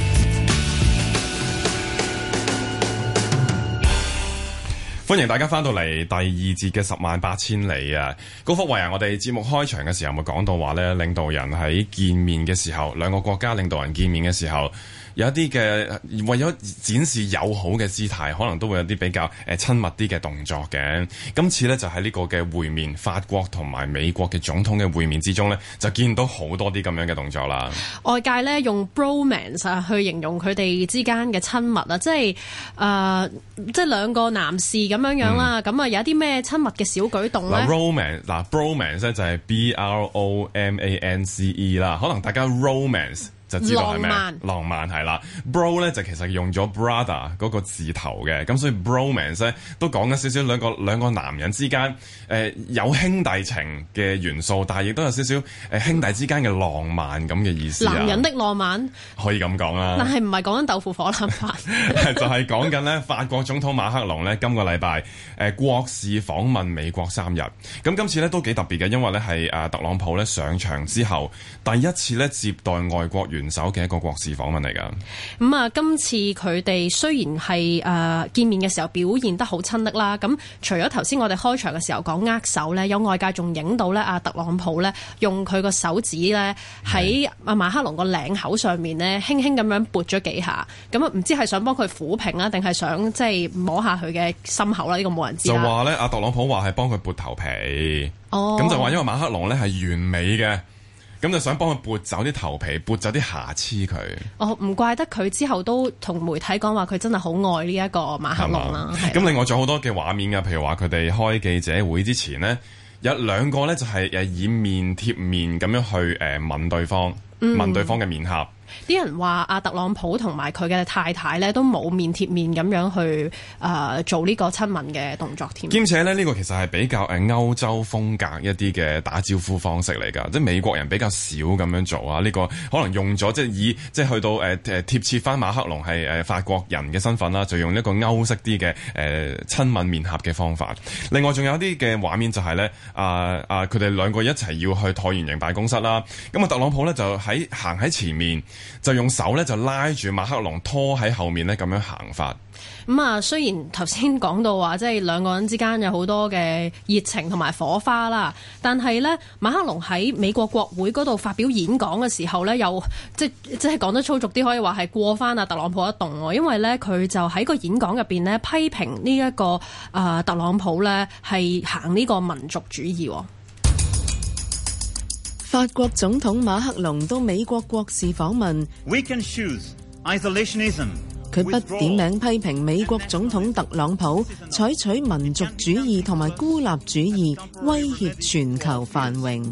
Speaker 5: 歡迎大家翻到嚟第二節嘅十萬八千里啊！高福慧啊，我哋節目開場嘅時候咪講到話咧，領導人喺見面嘅時候，兩個國家領導人見面嘅時候。有一啲嘅為咗展示友好嘅姿態，可能都會有啲比較誒親密啲嘅動作嘅。今次咧就喺呢個嘅會面，法國同埋美國嘅總統嘅會面之中咧，就見到好多啲咁樣嘅動作啦。
Speaker 6: 外界咧用 bromance 啊去形容佢哋之間嘅親密啊，即係誒、呃，即係兩個男士咁樣樣啦。咁啊，嗯、有一啲咩親密嘅小舉動咧、嗯、
Speaker 5: ？romance 嗱、啊、，bromance 咧就係 b r o m a n c e 啦。可能大家 romance。浪漫， 浪漫係啦，bro 咧就其實用咗 brother 嗰個字頭嘅，咁所以 bromance 咧都講緊少少兩個兩個男人之間誒、呃、有兄弟情嘅元素但係亦都有少少誒兄弟之間嘅浪漫咁嘅意思啊。男人的浪漫可以咁講啦，但係
Speaker 6: 唔係講緊豆腐火腩飯，
Speaker 5: 就係講緊咧法國總統馬克龍咧今個禮拜誒國事訪問美國三日，咁今次咧都幾特別嘅，因為咧係誒特朗普咧上場之後第一次咧接待外國員。聯手嘅一個國事訪問嚟噶，
Speaker 6: 咁啊、嗯，今次佢哋雖然係誒、呃、見面嘅時候表現得好親昵啦，咁除咗頭先我哋開場嘅時候講握手咧，有外界仲影到咧阿特朗普咧用佢個手指咧喺阿馬克龍個領口上面呢輕輕咁樣撥咗幾下，咁啊唔知係想幫佢撫平啊，定係想即係摸下佢嘅心口啦？呢、這個冇人知。就話
Speaker 5: 咧阿特朗普話係幫佢撥頭皮，哦，咁就話因為馬克龍咧係完美嘅。咁就想幫佢撥走啲頭皮，撥走啲瑕疵佢。
Speaker 6: 哦，唔怪得佢之後都同媒體講話，佢真係好愛呢一個馬克龍啦、啊。
Speaker 5: 咁吧吧另外仲有好多嘅畫面㗎，譬如話佢哋開記者會之前呢，有兩個呢就係誒以面貼面咁樣去誒問對方，嗯、問對方嘅面頰。
Speaker 6: 啲人話阿特朗普同埋佢嘅太太咧都冇面貼面咁樣去誒做呢個親吻嘅動作添。兼且
Speaker 5: 咧呢個其實係比較誒歐洲風格一啲嘅打招呼方式嚟㗎，即係美國人比較少咁樣做啊。呢個可能用咗即係以即係去到誒誒、呃、貼切翻馬克龍係誒法國人嘅身份啦，就用一個歐式啲嘅誒親吻面合嘅方法。另外仲有啲嘅畫面就係咧啊啊佢哋兩個一齊要去橢圓形辦公室啦。咁啊特朗普咧就喺行喺前面。就用手咧就拉住馬克龍拖喺後面呢，咁樣行法。
Speaker 6: 咁啊、嗯，雖然頭先講到話，即係兩個人之間有好多嘅熱情同埋火花啦，但係呢，馬克龍喺美國國會嗰度發表演講嘅時候呢，又即即係講得粗俗啲，可以話係過翻啊特朗普一動哦。因為呢，佢就喺個演講入邊呢，批評呢一個啊、呃、特朗普呢，係行呢個民族主義。
Speaker 4: 法國總統馬克龍到美國國事訪問，佢不點名批評美國總統特朗普採取民族主義同埋孤立主義，威脅全球
Speaker 2: 繁榮。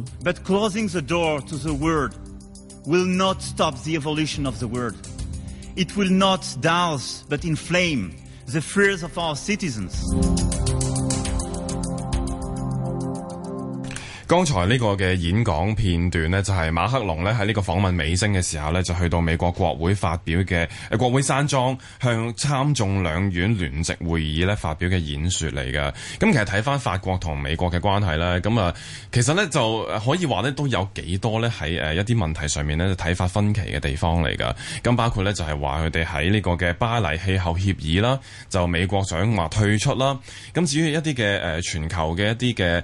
Speaker 5: 剛才呢個嘅演講片段呢，就係馬克龍咧喺呢個訪問尾聲嘅時候呢，就去到美國國會發表嘅、呃、國會山莊向參眾兩院聯席會議咧發表嘅演說嚟噶。咁其實睇返法國同美國嘅關係咧，咁啊，其實呢就可以話呢，都有幾多呢喺誒一啲問題上面咧睇法分歧嘅地方嚟噶。咁包括呢，就係話佢哋喺呢個嘅巴黎氣候協議啦，就美國想話退出啦。咁至於一啲嘅誒全球嘅一啲嘅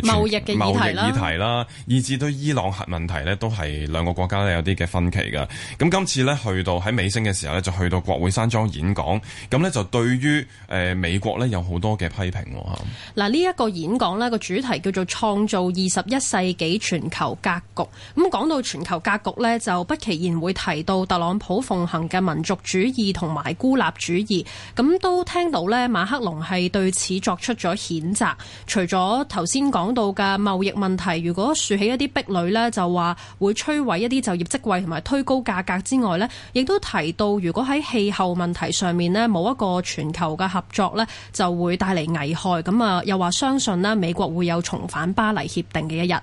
Speaker 5: 誒貿易嘅議題啦，以至對伊朗核問題呢，都係兩個國家呢有啲嘅分歧㗎。咁今次呢，去到喺美星嘅時候呢，就去到國會山莊演講，咁呢，就對於誒、呃、美國呢，有好多嘅批評喎。
Speaker 6: 嗱，呢一個演講呢個主題叫做創造二十一世紀全球格局。咁講到全球格局呢，就不期然會提到特朗普奉行嘅民族主義同埋孤立主義。咁都聽到呢，馬克龍係對此作出咗譴責。除咗頭先講到嘅貿易。問題，如果豎起一啲壁壘呢，就話會摧毀一啲就業職位同埋推高價格之外呢，亦都提到如果喺氣候問題上面呢，冇一個全球嘅合作呢，就會帶嚟危害。咁啊，又話相信呢美國會有重返巴黎協定嘅一日。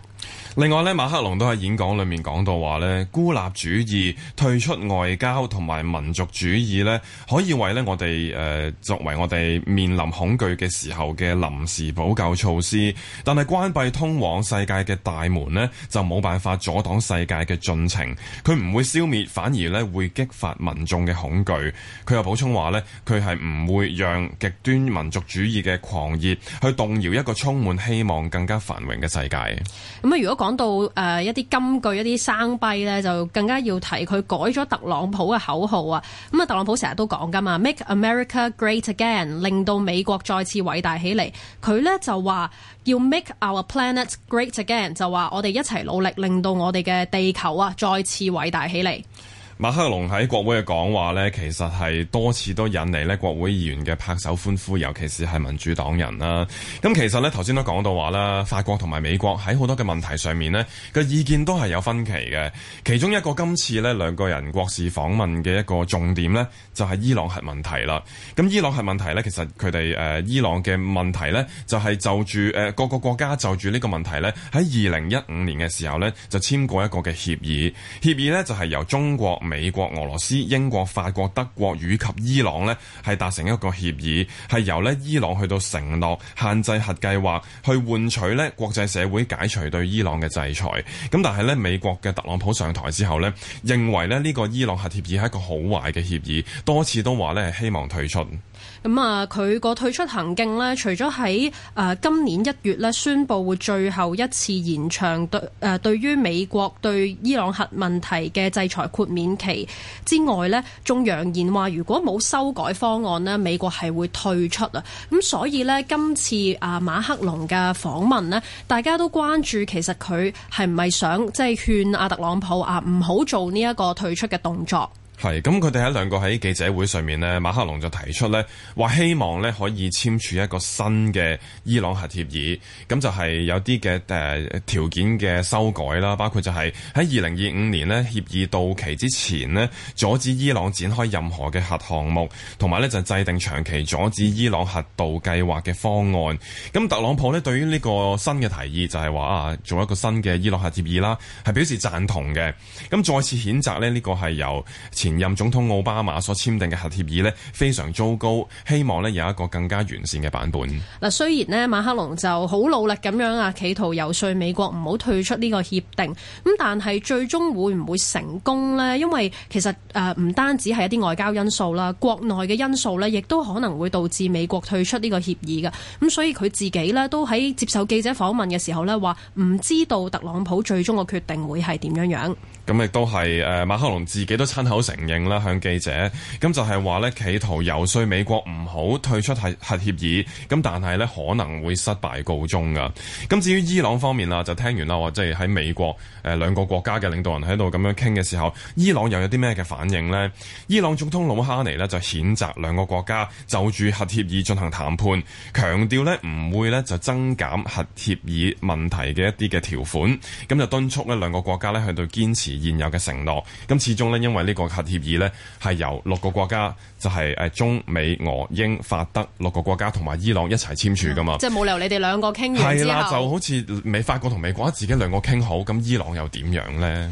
Speaker 5: 另外咧，馬克龍都喺演講裏面講到話咧，孤立主義、退出外交同埋民族主義咧，可以為咧我哋誒、呃、作為我哋面臨恐懼嘅時候嘅臨時補救措施。但係關閉通往世界嘅大門咧，就冇辦法阻擋世界嘅進程。佢唔會消滅，反而咧會激發民眾嘅恐懼。佢又補充話咧，佢係唔會讓極端民族主義嘅狂熱去動搖一個充滿希望、更加繁榮嘅世界。
Speaker 6: 如果講到誒一啲金句，一啲生僻咧，就更加要提佢改咗特朗普嘅口號啊！咁啊，特朗普成日都講噶嘛，Make America Great Again，令到美國再次偉大起嚟。佢咧就話要 Make our planet Great Again，就話我哋一齊努力，令到我哋嘅地球啊再次偉大起嚟。
Speaker 5: 馬克龍喺國會嘅講話呢，其實係多次都引嚟呢國會議員嘅拍手歡呼，尤其是係民主黨人啦。咁其實呢，頭先都講到話啦，法國同埋美國喺好多嘅問題上面呢，個意見都係有分歧嘅。其中一個今次呢，兩個人國事訪問嘅一個重點呢，就係伊朗核問題啦。咁伊朗核問題呢，其實佢哋誒伊朗嘅問題呢，就係就住誒呃，各個國家就住呢個問題呢，喺二零一五年嘅時候呢，就簽過一個嘅協議，協議呢，就係由中國。美國、俄羅斯、英國、法國、德國以及伊朗咧，係達成一個協議，係由咧伊朗去到承諾限制核計劃，去換取咧國際社會解除對伊朗嘅制裁。咁但係咧，美國嘅特朗普上台之後咧，認為咧呢個伊朗核協議係一個好壞嘅協議，多次都話咧希望退出。
Speaker 6: 咁啊，佢個退出行徑咧，除咗喺誒今年一月咧宣布會最後一次延長對誒、呃、對於美國對伊朗核問題嘅制裁豁免期之外咧，仲揚言話如果冇修改方案咧，美國係會退出啦。咁所以咧，今次啊馬克龍嘅訪問咧，大家都關注其實佢係唔係想即係勸阿特朗普啊唔好做呢一個退出嘅動作。
Speaker 5: 係咁，佢哋喺兩個喺記者會上面呢，馬克龍就提出呢話希望呢可以簽署一個新嘅伊朗核協議，咁就係有啲嘅誒條件嘅修改啦，包括就係喺二零二五年呢協議到期之前呢，阻止伊朗展開任何嘅核項目，同埋呢就制定長期阻止伊朗核導計劃嘅方案。咁特朗普呢對於呢個新嘅提議就係話啊，做一個新嘅伊朗核協議啦，係表示贊同嘅。咁再次譴責呢，呢個係由前任總統奧巴馬所簽訂嘅核協議呢，非常糟糕，希望呢有一個更加完善嘅版本。
Speaker 6: 嗱，雖然呢馬克龍就好努力咁樣啊，企圖游說美國唔好退出呢個協定，咁但係最終會唔會成功呢？因為其實誒唔單止係一啲外交因素啦，國內嘅因素呢亦都可能會導致美國退出呢個協議嘅。咁所以佢自己呢都喺接受記者訪問嘅時候呢，話唔知道特朗普最終嘅決定會係點樣樣。
Speaker 5: 咁亦都係誒、呃、馬克龍自己都親口承認啦，向記者咁就係話咧，企圖游說美國唔好退出核協議，咁但係咧可能會失敗告終噶。咁至於伊朗方面啦，就聽完啦，即係喺美國誒兩、呃、個國家嘅領導人喺度咁樣傾嘅時候，伊朗又有啲咩嘅反應咧？伊朗總統魯哈尼咧就譴責兩個國家就住核協議進行談判，強調咧唔會咧就增減核協議問題嘅一啲嘅條款，咁就敦促咧兩個國家咧去到堅持。現有嘅承諾，咁始終咧，因為呢個核協議咧係由六個國家，就係、是、誒中美俄英法德六個國家同埋伊朗一齊簽署噶嘛、嗯，即係
Speaker 6: 冇理由你哋兩個傾完之後，係啦，就
Speaker 5: 好似美法國同美國自己兩個傾好，咁伊朗又點樣咧？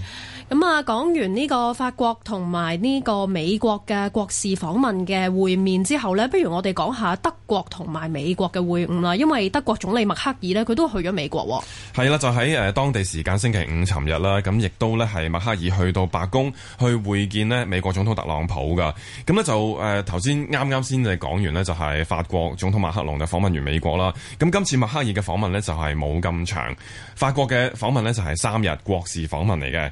Speaker 6: 咁啊，講完呢個法國同埋呢個美國嘅國事訪問嘅會面之後呢，不如我哋講下德國同埋美國嘅會晤啦。因為德國總理默克爾呢，佢都去咗美國。
Speaker 5: 係啦，就喺誒當地時間星期五尋日啦，咁亦都呢，係默克爾去到白宮去會見呢美國總統特朗普噶。咁呢、呃，就誒頭先啱啱先至係講完呢，就係法國總統馬克龍就訪問完美國啦。咁今次默克爾嘅訪問呢，就係冇咁長，法國嘅訪問呢，就係三日國事訪問嚟嘅。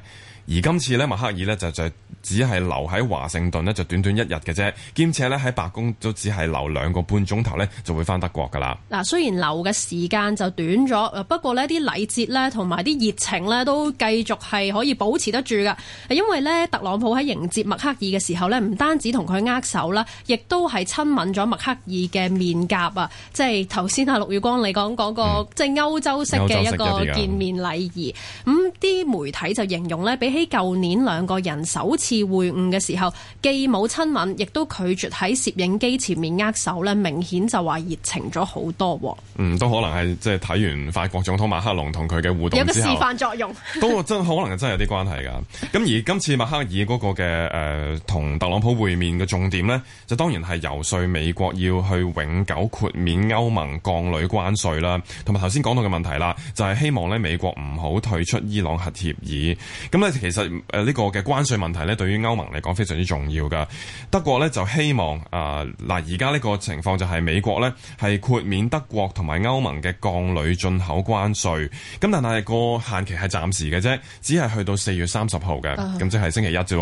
Speaker 5: 而今次咧，默克爾呢就就只係留喺華盛頓呢，就短短一日嘅啫。兼且咧喺白宮都只係留兩個半鐘頭咧，就會翻德國噶啦。
Speaker 6: 嗱，雖然留嘅時間就短咗，不過呢啲禮節咧同埋啲熱情咧都繼續係可以保持得住噶。因為咧，特朗普喺迎接默克爾嘅時候咧，唔單止同佢握手啦，亦都係親吻咗默克爾嘅面頰啊。即係頭先阿陸宇光你講講個、嗯、即係歐洲式嘅一,一,一個見面禮儀，咁啲媒體就形容咧，比起喺舊年兩個人首次會晤嘅時候，既冇親吻，亦都拒絕喺攝影機前面握手呢，明顯就話熱情咗好多。嗯，
Speaker 5: 都可能係即係睇完法國總統馬克龍同佢嘅互動，有個示範
Speaker 6: 作用。不過
Speaker 5: 真可能真係有啲關係噶。咁而今次默克爾嗰個嘅誒同特朗普會面嘅重點呢，就當然係遊說美國要去永久豁免歐盟鋼鋁關稅啦，同埋頭先講到嘅問題啦，就係、是、希望呢美國唔好退出伊朗核協議。咁咧。其實誒呢個嘅關稅問題咧，對於歐盟嚟講非常之重要㗎。德國呢就希望啊嗱，而家呢個情況就係美國呢係豁免德國同埋歐盟嘅鋼鋁進口關稅。咁但係個限期係暫時嘅啫，只係去到四月三十號嘅，咁即係星期一啫。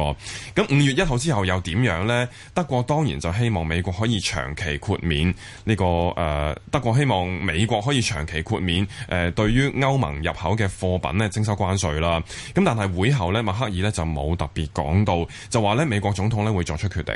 Speaker 5: 咁五月一號之後又點樣呢？德國當然就希望美國可以長期豁免呢、這個誒、呃，德國希望美國可以長期豁免誒、呃，對於歐盟入口嘅貨品咧徵收關稅啦。咁但係會後。咧，默克爾咧就冇特別講到，就話咧美國總統咧會作出決
Speaker 6: 定。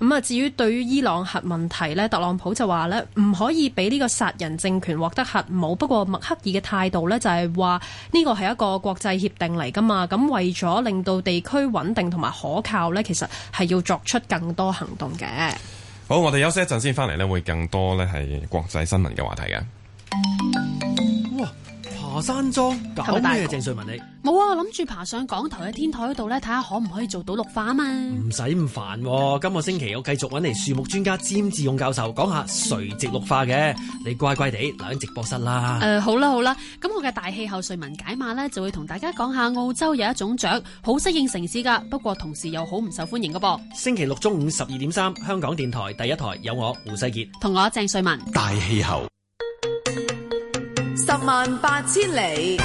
Speaker 6: 咁啊，至於對於伊朗核問題咧，特朗普就話咧唔可以俾呢個殺人政權獲得核武。不過，默克爾嘅態度咧就係話呢個係一個國際協定嚟噶嘛。咁為咗令到地區穩定同埋可靠咧，其實係要作出更多行動嘅。
Speaker 5: 好，我哋休息一陣先，返嚟咧會更多咧係國際新聞嘅話題嘅。
Speaker 6: 山莊搞咩啊？鄭瑞文你冇啊，諗住爬上港台嘅天台嗰度咧，睇下可唔可以做到綠化啊嘛？
Speaker 3: 唔使咁煩，
Speaker 6: 今個星期我繼續搵嚟樹木專家詹志勇教授講下垂直綠化嘅，你乖乖地嚟喺直播室啦。誒，好啦好啦，咁我嘅大氣候瑞文解碼咧，就會同大家講下澳洲有一種雀，好適應城市噶，不過同時又好唔受歡迎噶噃。星期六中
Speaker 2: 午十二點三，香港電台第一台有我胡世杰
Speaker 4: 同我鄭瑞文
Speaker 2: 大氣候。
Speaker 4: 十萬八千里。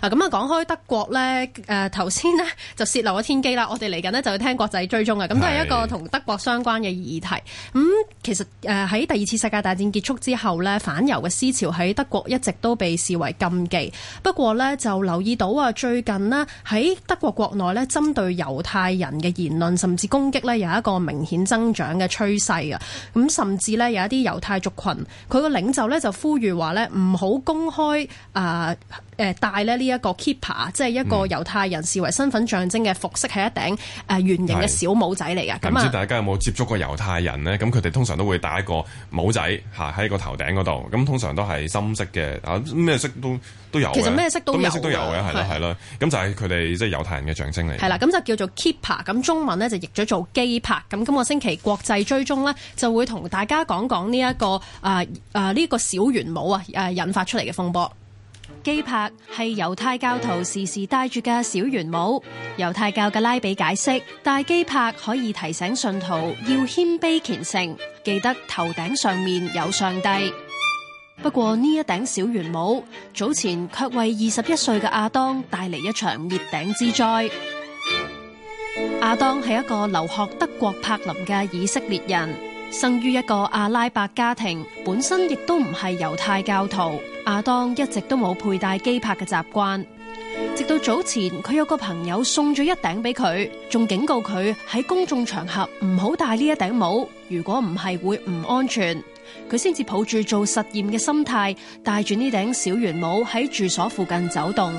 Speaker 6: 啊，咁啊，講開德國呢，誒、呃，頭先呢就泄漏咗天機啦。我哋嚟緊呢，就要聽國際追蹤啊，咁都係一個同德國相關嘅議題。咁、嗯、其實誒喺、呃、第二次世界大戰結束之後呢，反猶嘅思潮喺德國一直都被視為禁忌。不過呢，就留意到啊，最近呢喺德國國內呢，針對猶太人嘅言論甚至攻擊呢，有一個明顯增長嘅趨勢啊。咁、嗯、甚至呢，有一啲猶太族群，佢個領袖呢，就呼籲話呢唔好公開啊。呃誒戴咧呢一個 keeper，即係一個猶太人視為身份象徵嘅服飾，係一頂誒圓形嘅小帽仔嚟嘅。咁唔是那知大
Speaker 5: 家有冇接觸過猶太人呢？咁佢哋通常都會戴一個帽仔，嚇喺個頭頂嗰度。咁通常都係深色嘅，咩色都有色都有。其實咩色都咩色都有嘅，係咯係咯。咁的就係佢哋即係猶太人嘅象徵嚟。係、嗯、啦，
Speaker 6: 咁就叫做 keeper，咁中文呢就譯咗做基帕。咁今個星期國際追蹤呢，就會同大家講講呢、這、一個啊啊呢個小圓帽啊誒引發出嚟嘅風波。基帕係猶太教徒時時戴住嘅小圓帽。猶太教嘅拉比解釋，戴基帕可以提醒信徒要謙卑虔誠，記得頭頂上面有上帝。不過呢一頂小圓帽，早前卻為二十一歲嘅亞當帶嚟一場滅頂之災。亞當係一個留學德國柏林嘅以色列人。生於一個阿拉伯家庭，本身亦都唔係猶太教徒。阿當一直都冇佩戴機拍嘅習慣，直到早前佢有個朋友送咗一頂俾佢，仲警告佢喺公眾場合唔好戴呢一頂帽，如果唔係會唔安全。佢先至抱住做實驗嘅心態，戴住呢頂小圓帽喺住所附近走動。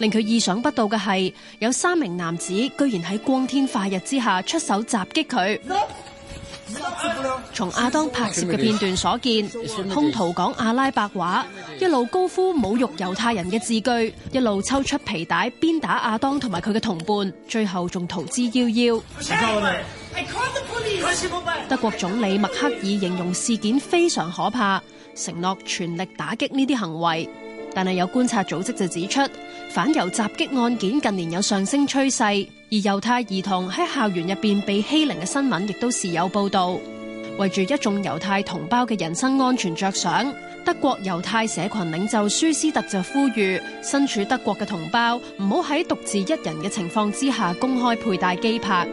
Speaker 6: 令佢意想不到嘅係，有三名男子居然喺光天化日之下出手襲擊佢。從亞當拍攝嘅片段所見，凶徒講阿拉伯話，一路高呼侮辱猶太人嘅字句，一路抽出皮帶鞭打亞當同埋佢嘅同伴，最後仲逃之夭夭。Okay. 德國總理默克爾形容事件非常可怕，承諾全力打擊呢啲行為，但係有觀察組織就指出。反猶襲擊案件近年有上升趨勢，而猶太兒童喺校園入邊被欺凌嘅新聞亦都時有報道。為住一眾猶太同胞嘅人身安全着想，德國猶太社群領袖舒斯特就呼籲身處德國嘅同胞唔好喺獨自一人嘅情況之下公開佩戴機拍。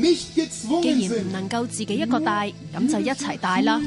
Speaker 6: 既然唔能夠自己一個戴，咁就一齊戴啦。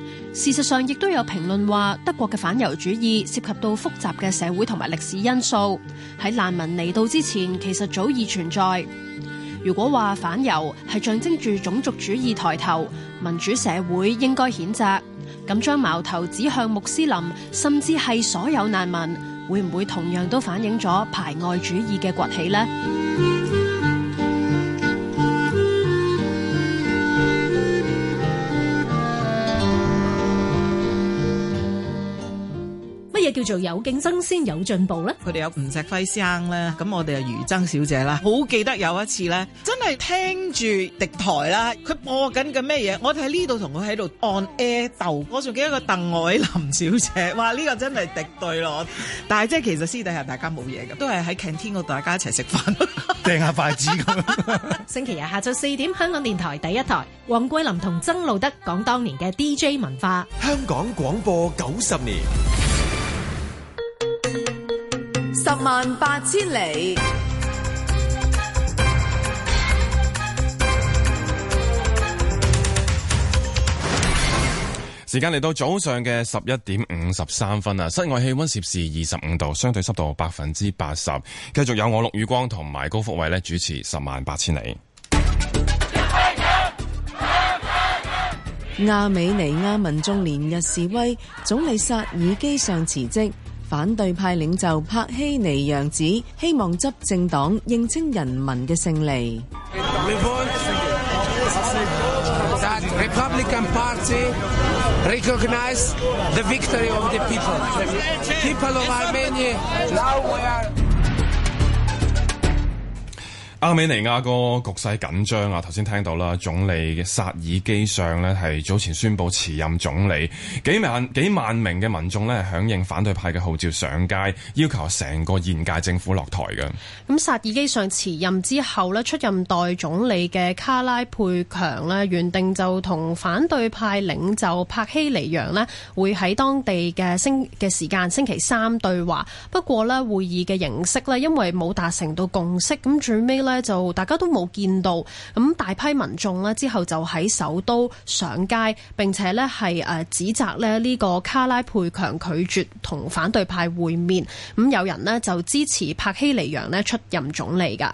Speaker 6: 事實上，亦都有評論話，德國嘅反猶主義涉及到複雜嘅社會同埋歷史因素。喺難民嚟到之前，其實早已存在。如果話反猶係象徵住種族主義抬頭，民主社會應該譴責，咁將矛頭指向穆斯林，甚至係所有難民，會唔會同樣都反映咗排外主義嘅崛起呢？
Speaker 4: 叫做有競爭先有進步咧。佢哋有吳錫輝生咧，咁我哋啊余曾小姐啦，好記得有一次咧，真係聽住《敵台》啦，佢播緊嘅咩嘢？我哋喺呢度同佢喺度 on air 鬥。我仲記得一個鄧藹霖小姐，話呢個真係敵對咯。但係即係其實私底下大家冇嘢嘅，都係喺 canteen 度大家一齊食飯，
Speaker 3: 掟下筷子咁。
Speaker 6: 星期日下晝四點，香港電台第一台，黃桂林同曾路德講當
Speaker 4: 年嘅 DJ 文化。
Speaker 2: 香港廣播九十年。
Speaker 4: 十萬八千里。
Speaker 5: 時間嚟到早上嘅十一點五十三分啊！室外氣溫攝氏二十五度，相對濕度百分之八十。繼續有我陸宇光同埋高福偉咧主持《十萬八千里》。
Speaker 4: 亞美尼亞民眾連日示威，總理薩爾基上辭職。反對派領袖帕希尼揚指，希望執政黨認清人民嘅勝利。
Speaker 5: 阿美尼亞個局勢緊張啊！頭先聽到啦，總理嘅薩爾基上呢，係早前宣布辭任總理，幾萬幾萬名嘅民眾呢，係響應反對派嘅號召上街，要求成個現屆政府落台嘅。咁
Speaker 6: 薩爾基上辭任之後呢，出任代總理嘅卡拉佩強呢，原定就同反對派領袖帕希尼揚呢，會喺當地嘅星嘅時間星期三對話，不過呢，會議嘅形式呢，因為冇達成到共識，咁最尾呢。就大家都冇見到，咁大批民眾咧之後就喺首都上街，並且咧係誒指責咧呢個卡拉佩強拒絕同反對派會面，咁有人咧就支持柏希尼揚咧出任總理㗎。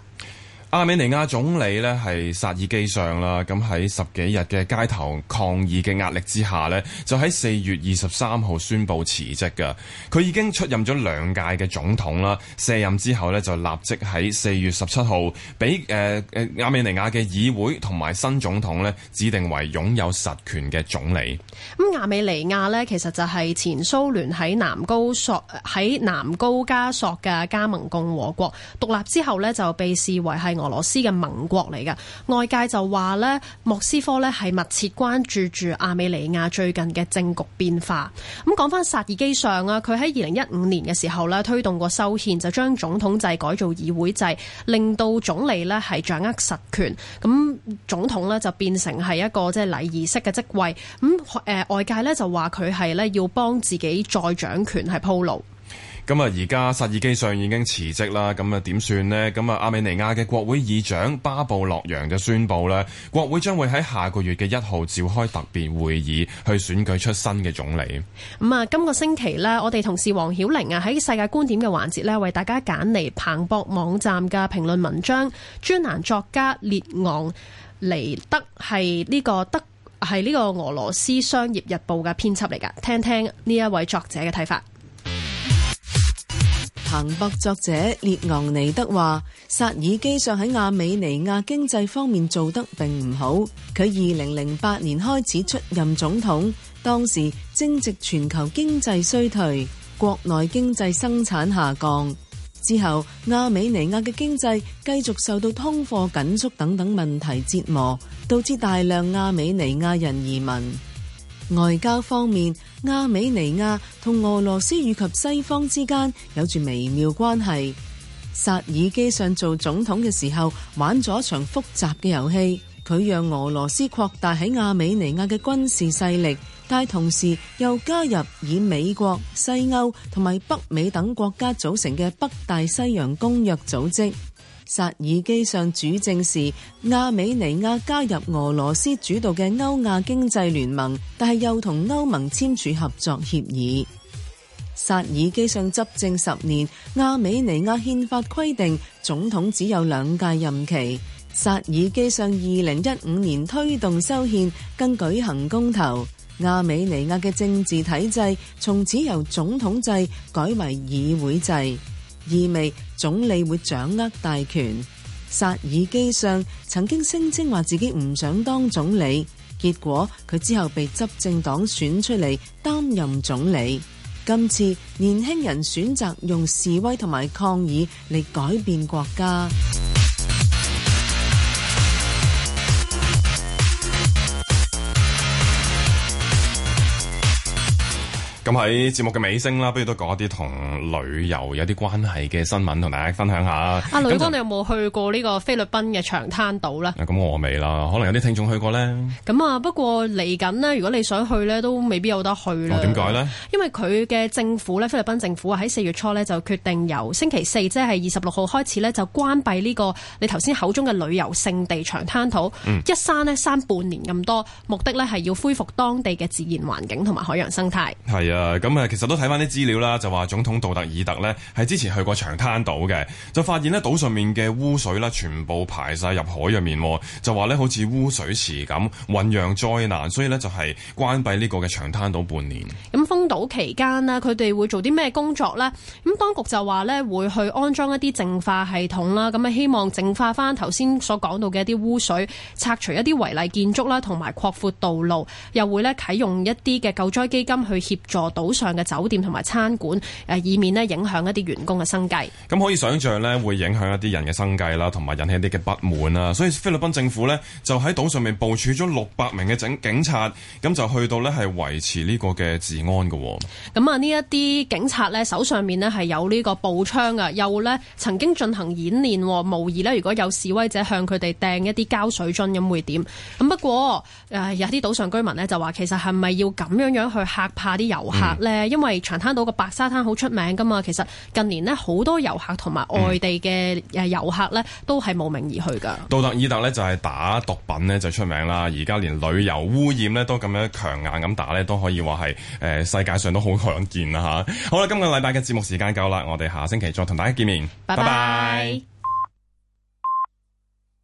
Speaker 5: 亞美尼亞總理呢係薩爾基相啦，咁喺十幾日嘅街頭抗議嘅壓力之下呢就喺四月二十三號宣布辭職噶。佢已經出任咗兩屆嘅總統啦，卸任之後呢，就立即喺四月十七號，俾誒誒亞美尼亞嘅議會同埋新總統咧指定為擁有實權嘅總理。
Speaker 6: 咁亞美尼亞呢，其實就係前蘇聯喺南高索喺南高加索嘅加盟共和國獨立之後呢，就被視為係我。俄羅斯嘅盟國嚟㗎，外界就話呢，莫斯科呢係密切關注住亞美尼亞最近嘅政局變化。咁講返薩爾基相啦，佢喺二零一五年嘅時候呢推動過修憲，就將總統制改做議會制，令到總理呢係掌握實權。咁總統呢就變成係一個即係禮儀式嘅職位。咁誒，外界呢就話佢係呢要幫自己再掌權係鋪路。
Speaker 5: 咁啊，而家薩爾基上已經辭職啦。咁啊，點算呢？咁啊，亞美尼亞嘅國會議長巴布洛揚就宣布咧，國會將會喺下個月嘅一號召開特別會議，去選舉出新嘅總理。
Speaker 6: 咁啊、嗯，今個星期呢，我哋同事黃曉玲啊，喺世界觀點嘅環節呢，為大家揀嚟彭博網站嘅評論文章，專欄作家列昂尼德係呢個德係呢個俄羅斯商業日報嘅編輯嚟㗎，聽聽呢一位作者嘅睇法。
Speaker 4: 彭博作者列昂尼德話，薩爾基上喺亞美尼亞經濟方面做得並唔好。佢二零零八年開始出任總統，當時正值全球經濟衰退，國內經濟生產下降。之後，亞美尼亞嘅經濟繼續受到通貨緊縮等等問題折磨，導致大量亞美尼亞人移民。外交方面。亞美尼亞同俄羅斯以及西方之間有住微妙關係。薩爾基相做總統嘅時候，玩咗一場複雜嘅遊戲。佢讓俄羅斯擴大喺亞美尼亞嘅軍事勢力，但係同時又加入以美國、西歐同埋北美等國家組成嘅北大西洋公約組織。薩爾基相主政時，亞美尼亞加入俄羅斯主導嘅歐亞經濟聯盟，但係又同歐盟簽署合作協議。薩爾基相執政十年，亞美尼亞憲法規定總統只有兩屆任期。薩爾基相二零一五年推動修憲，更舉行公投，亞美尼亞嘅政治體制從此由總統制改為議會制，意味。總理會掌握大權。薩爾基相曾經聲稱話自己唔想當總理，結果佢之後被執政黨選出嚟擔任總理。今次年輕人選擇用示威同埋抗議嚟改變國家。
Speaker 5: 咁喺節目嘅尾聲啦，不如都講一啲同旅遊有啲關係嘅新聞，同大家分享下。阿呂哥，就你
Speaker 6: 有冇去過呢個菲律賓嘅長灘島呢？
Speaker 5: 咁、啊、我未啦，可能有啲聽眾去過呢。
Speaker 6: 咁啊，不過嚟緊呢，如果你想去呢，都未必有得去啦。點解、啊、呢？因為佢嘅政府咧，菲律賓政府喺四月初呢就決定由星期四，即係二十六號開始呢，就關閉呢個你頭先口中嘅旅遊勝地長灘島。嗯、一閂呢閂半年咁多，目的呢係要恢復當地嘅自然環境同埋海洋生態。
Speaker 5: 係啊。誒，咁啊，其實都睇翻啲資料啦，就話總統杜特爾特呢係之前去過長灘島嘅，就發現呢島上面嘅污水啦，全部排晒入海入面，就話呢好似污水池咁醞釀災難，所以呢，就係關閉呢個嘅長灘島半年。
Speaker 6: 咁封島期間呢，佢哋會做啲咩工作呢？咁當局就話呢，會去安裝一啲淨化系統啦，咁啊希望淨化翻頭先所講到嘅一啲污水，拆除一啲違例建築啦，同埋擴闊道路，又會呢，啟用一啲嘅救災基金去協助。島上嘅酒店同埋餐館，誒，以免咧影響一啲員工嘅生計。
Speaker 5: 咁可以想象呢，會影響一啲人嘅生計啦，同埋引起一啲嘅不滿啊，所以菲律賓政府呢，就喺島上面部署咗六百名嘅警警察，咁就去到呢，係維持呢個嘅治安嘅。
Speaker 6: 咁啊，呢一啲警察呢，手上面呢，係有呢個步槍啊，又呢，曾經進行演練，模擬呢，如果有示威者向佢哋掟一啲膠水樽，咁會點？咁不過誒，有啲島上居民呢，就話，其實係咪要咁樣樣去吓怕啲遊？遊客咧，嗯、因為長灘島個白沙灘好出名噶嘛，其實近年咧好多遊客同埋外地嘅誒遊客咧都係慕名而去噶、嗯。
Speaker 5: 杜特爾特咧就係打毒品咧就出名啦，而家連旅遊污染咧都咁樣強硬咁打咧，都可以話係誒世界上都好罕見啦吓。好啦，今個禮拜嘅節目時間夠啦，我哋下星期再同大家見面，拜拜 bye。Bye bye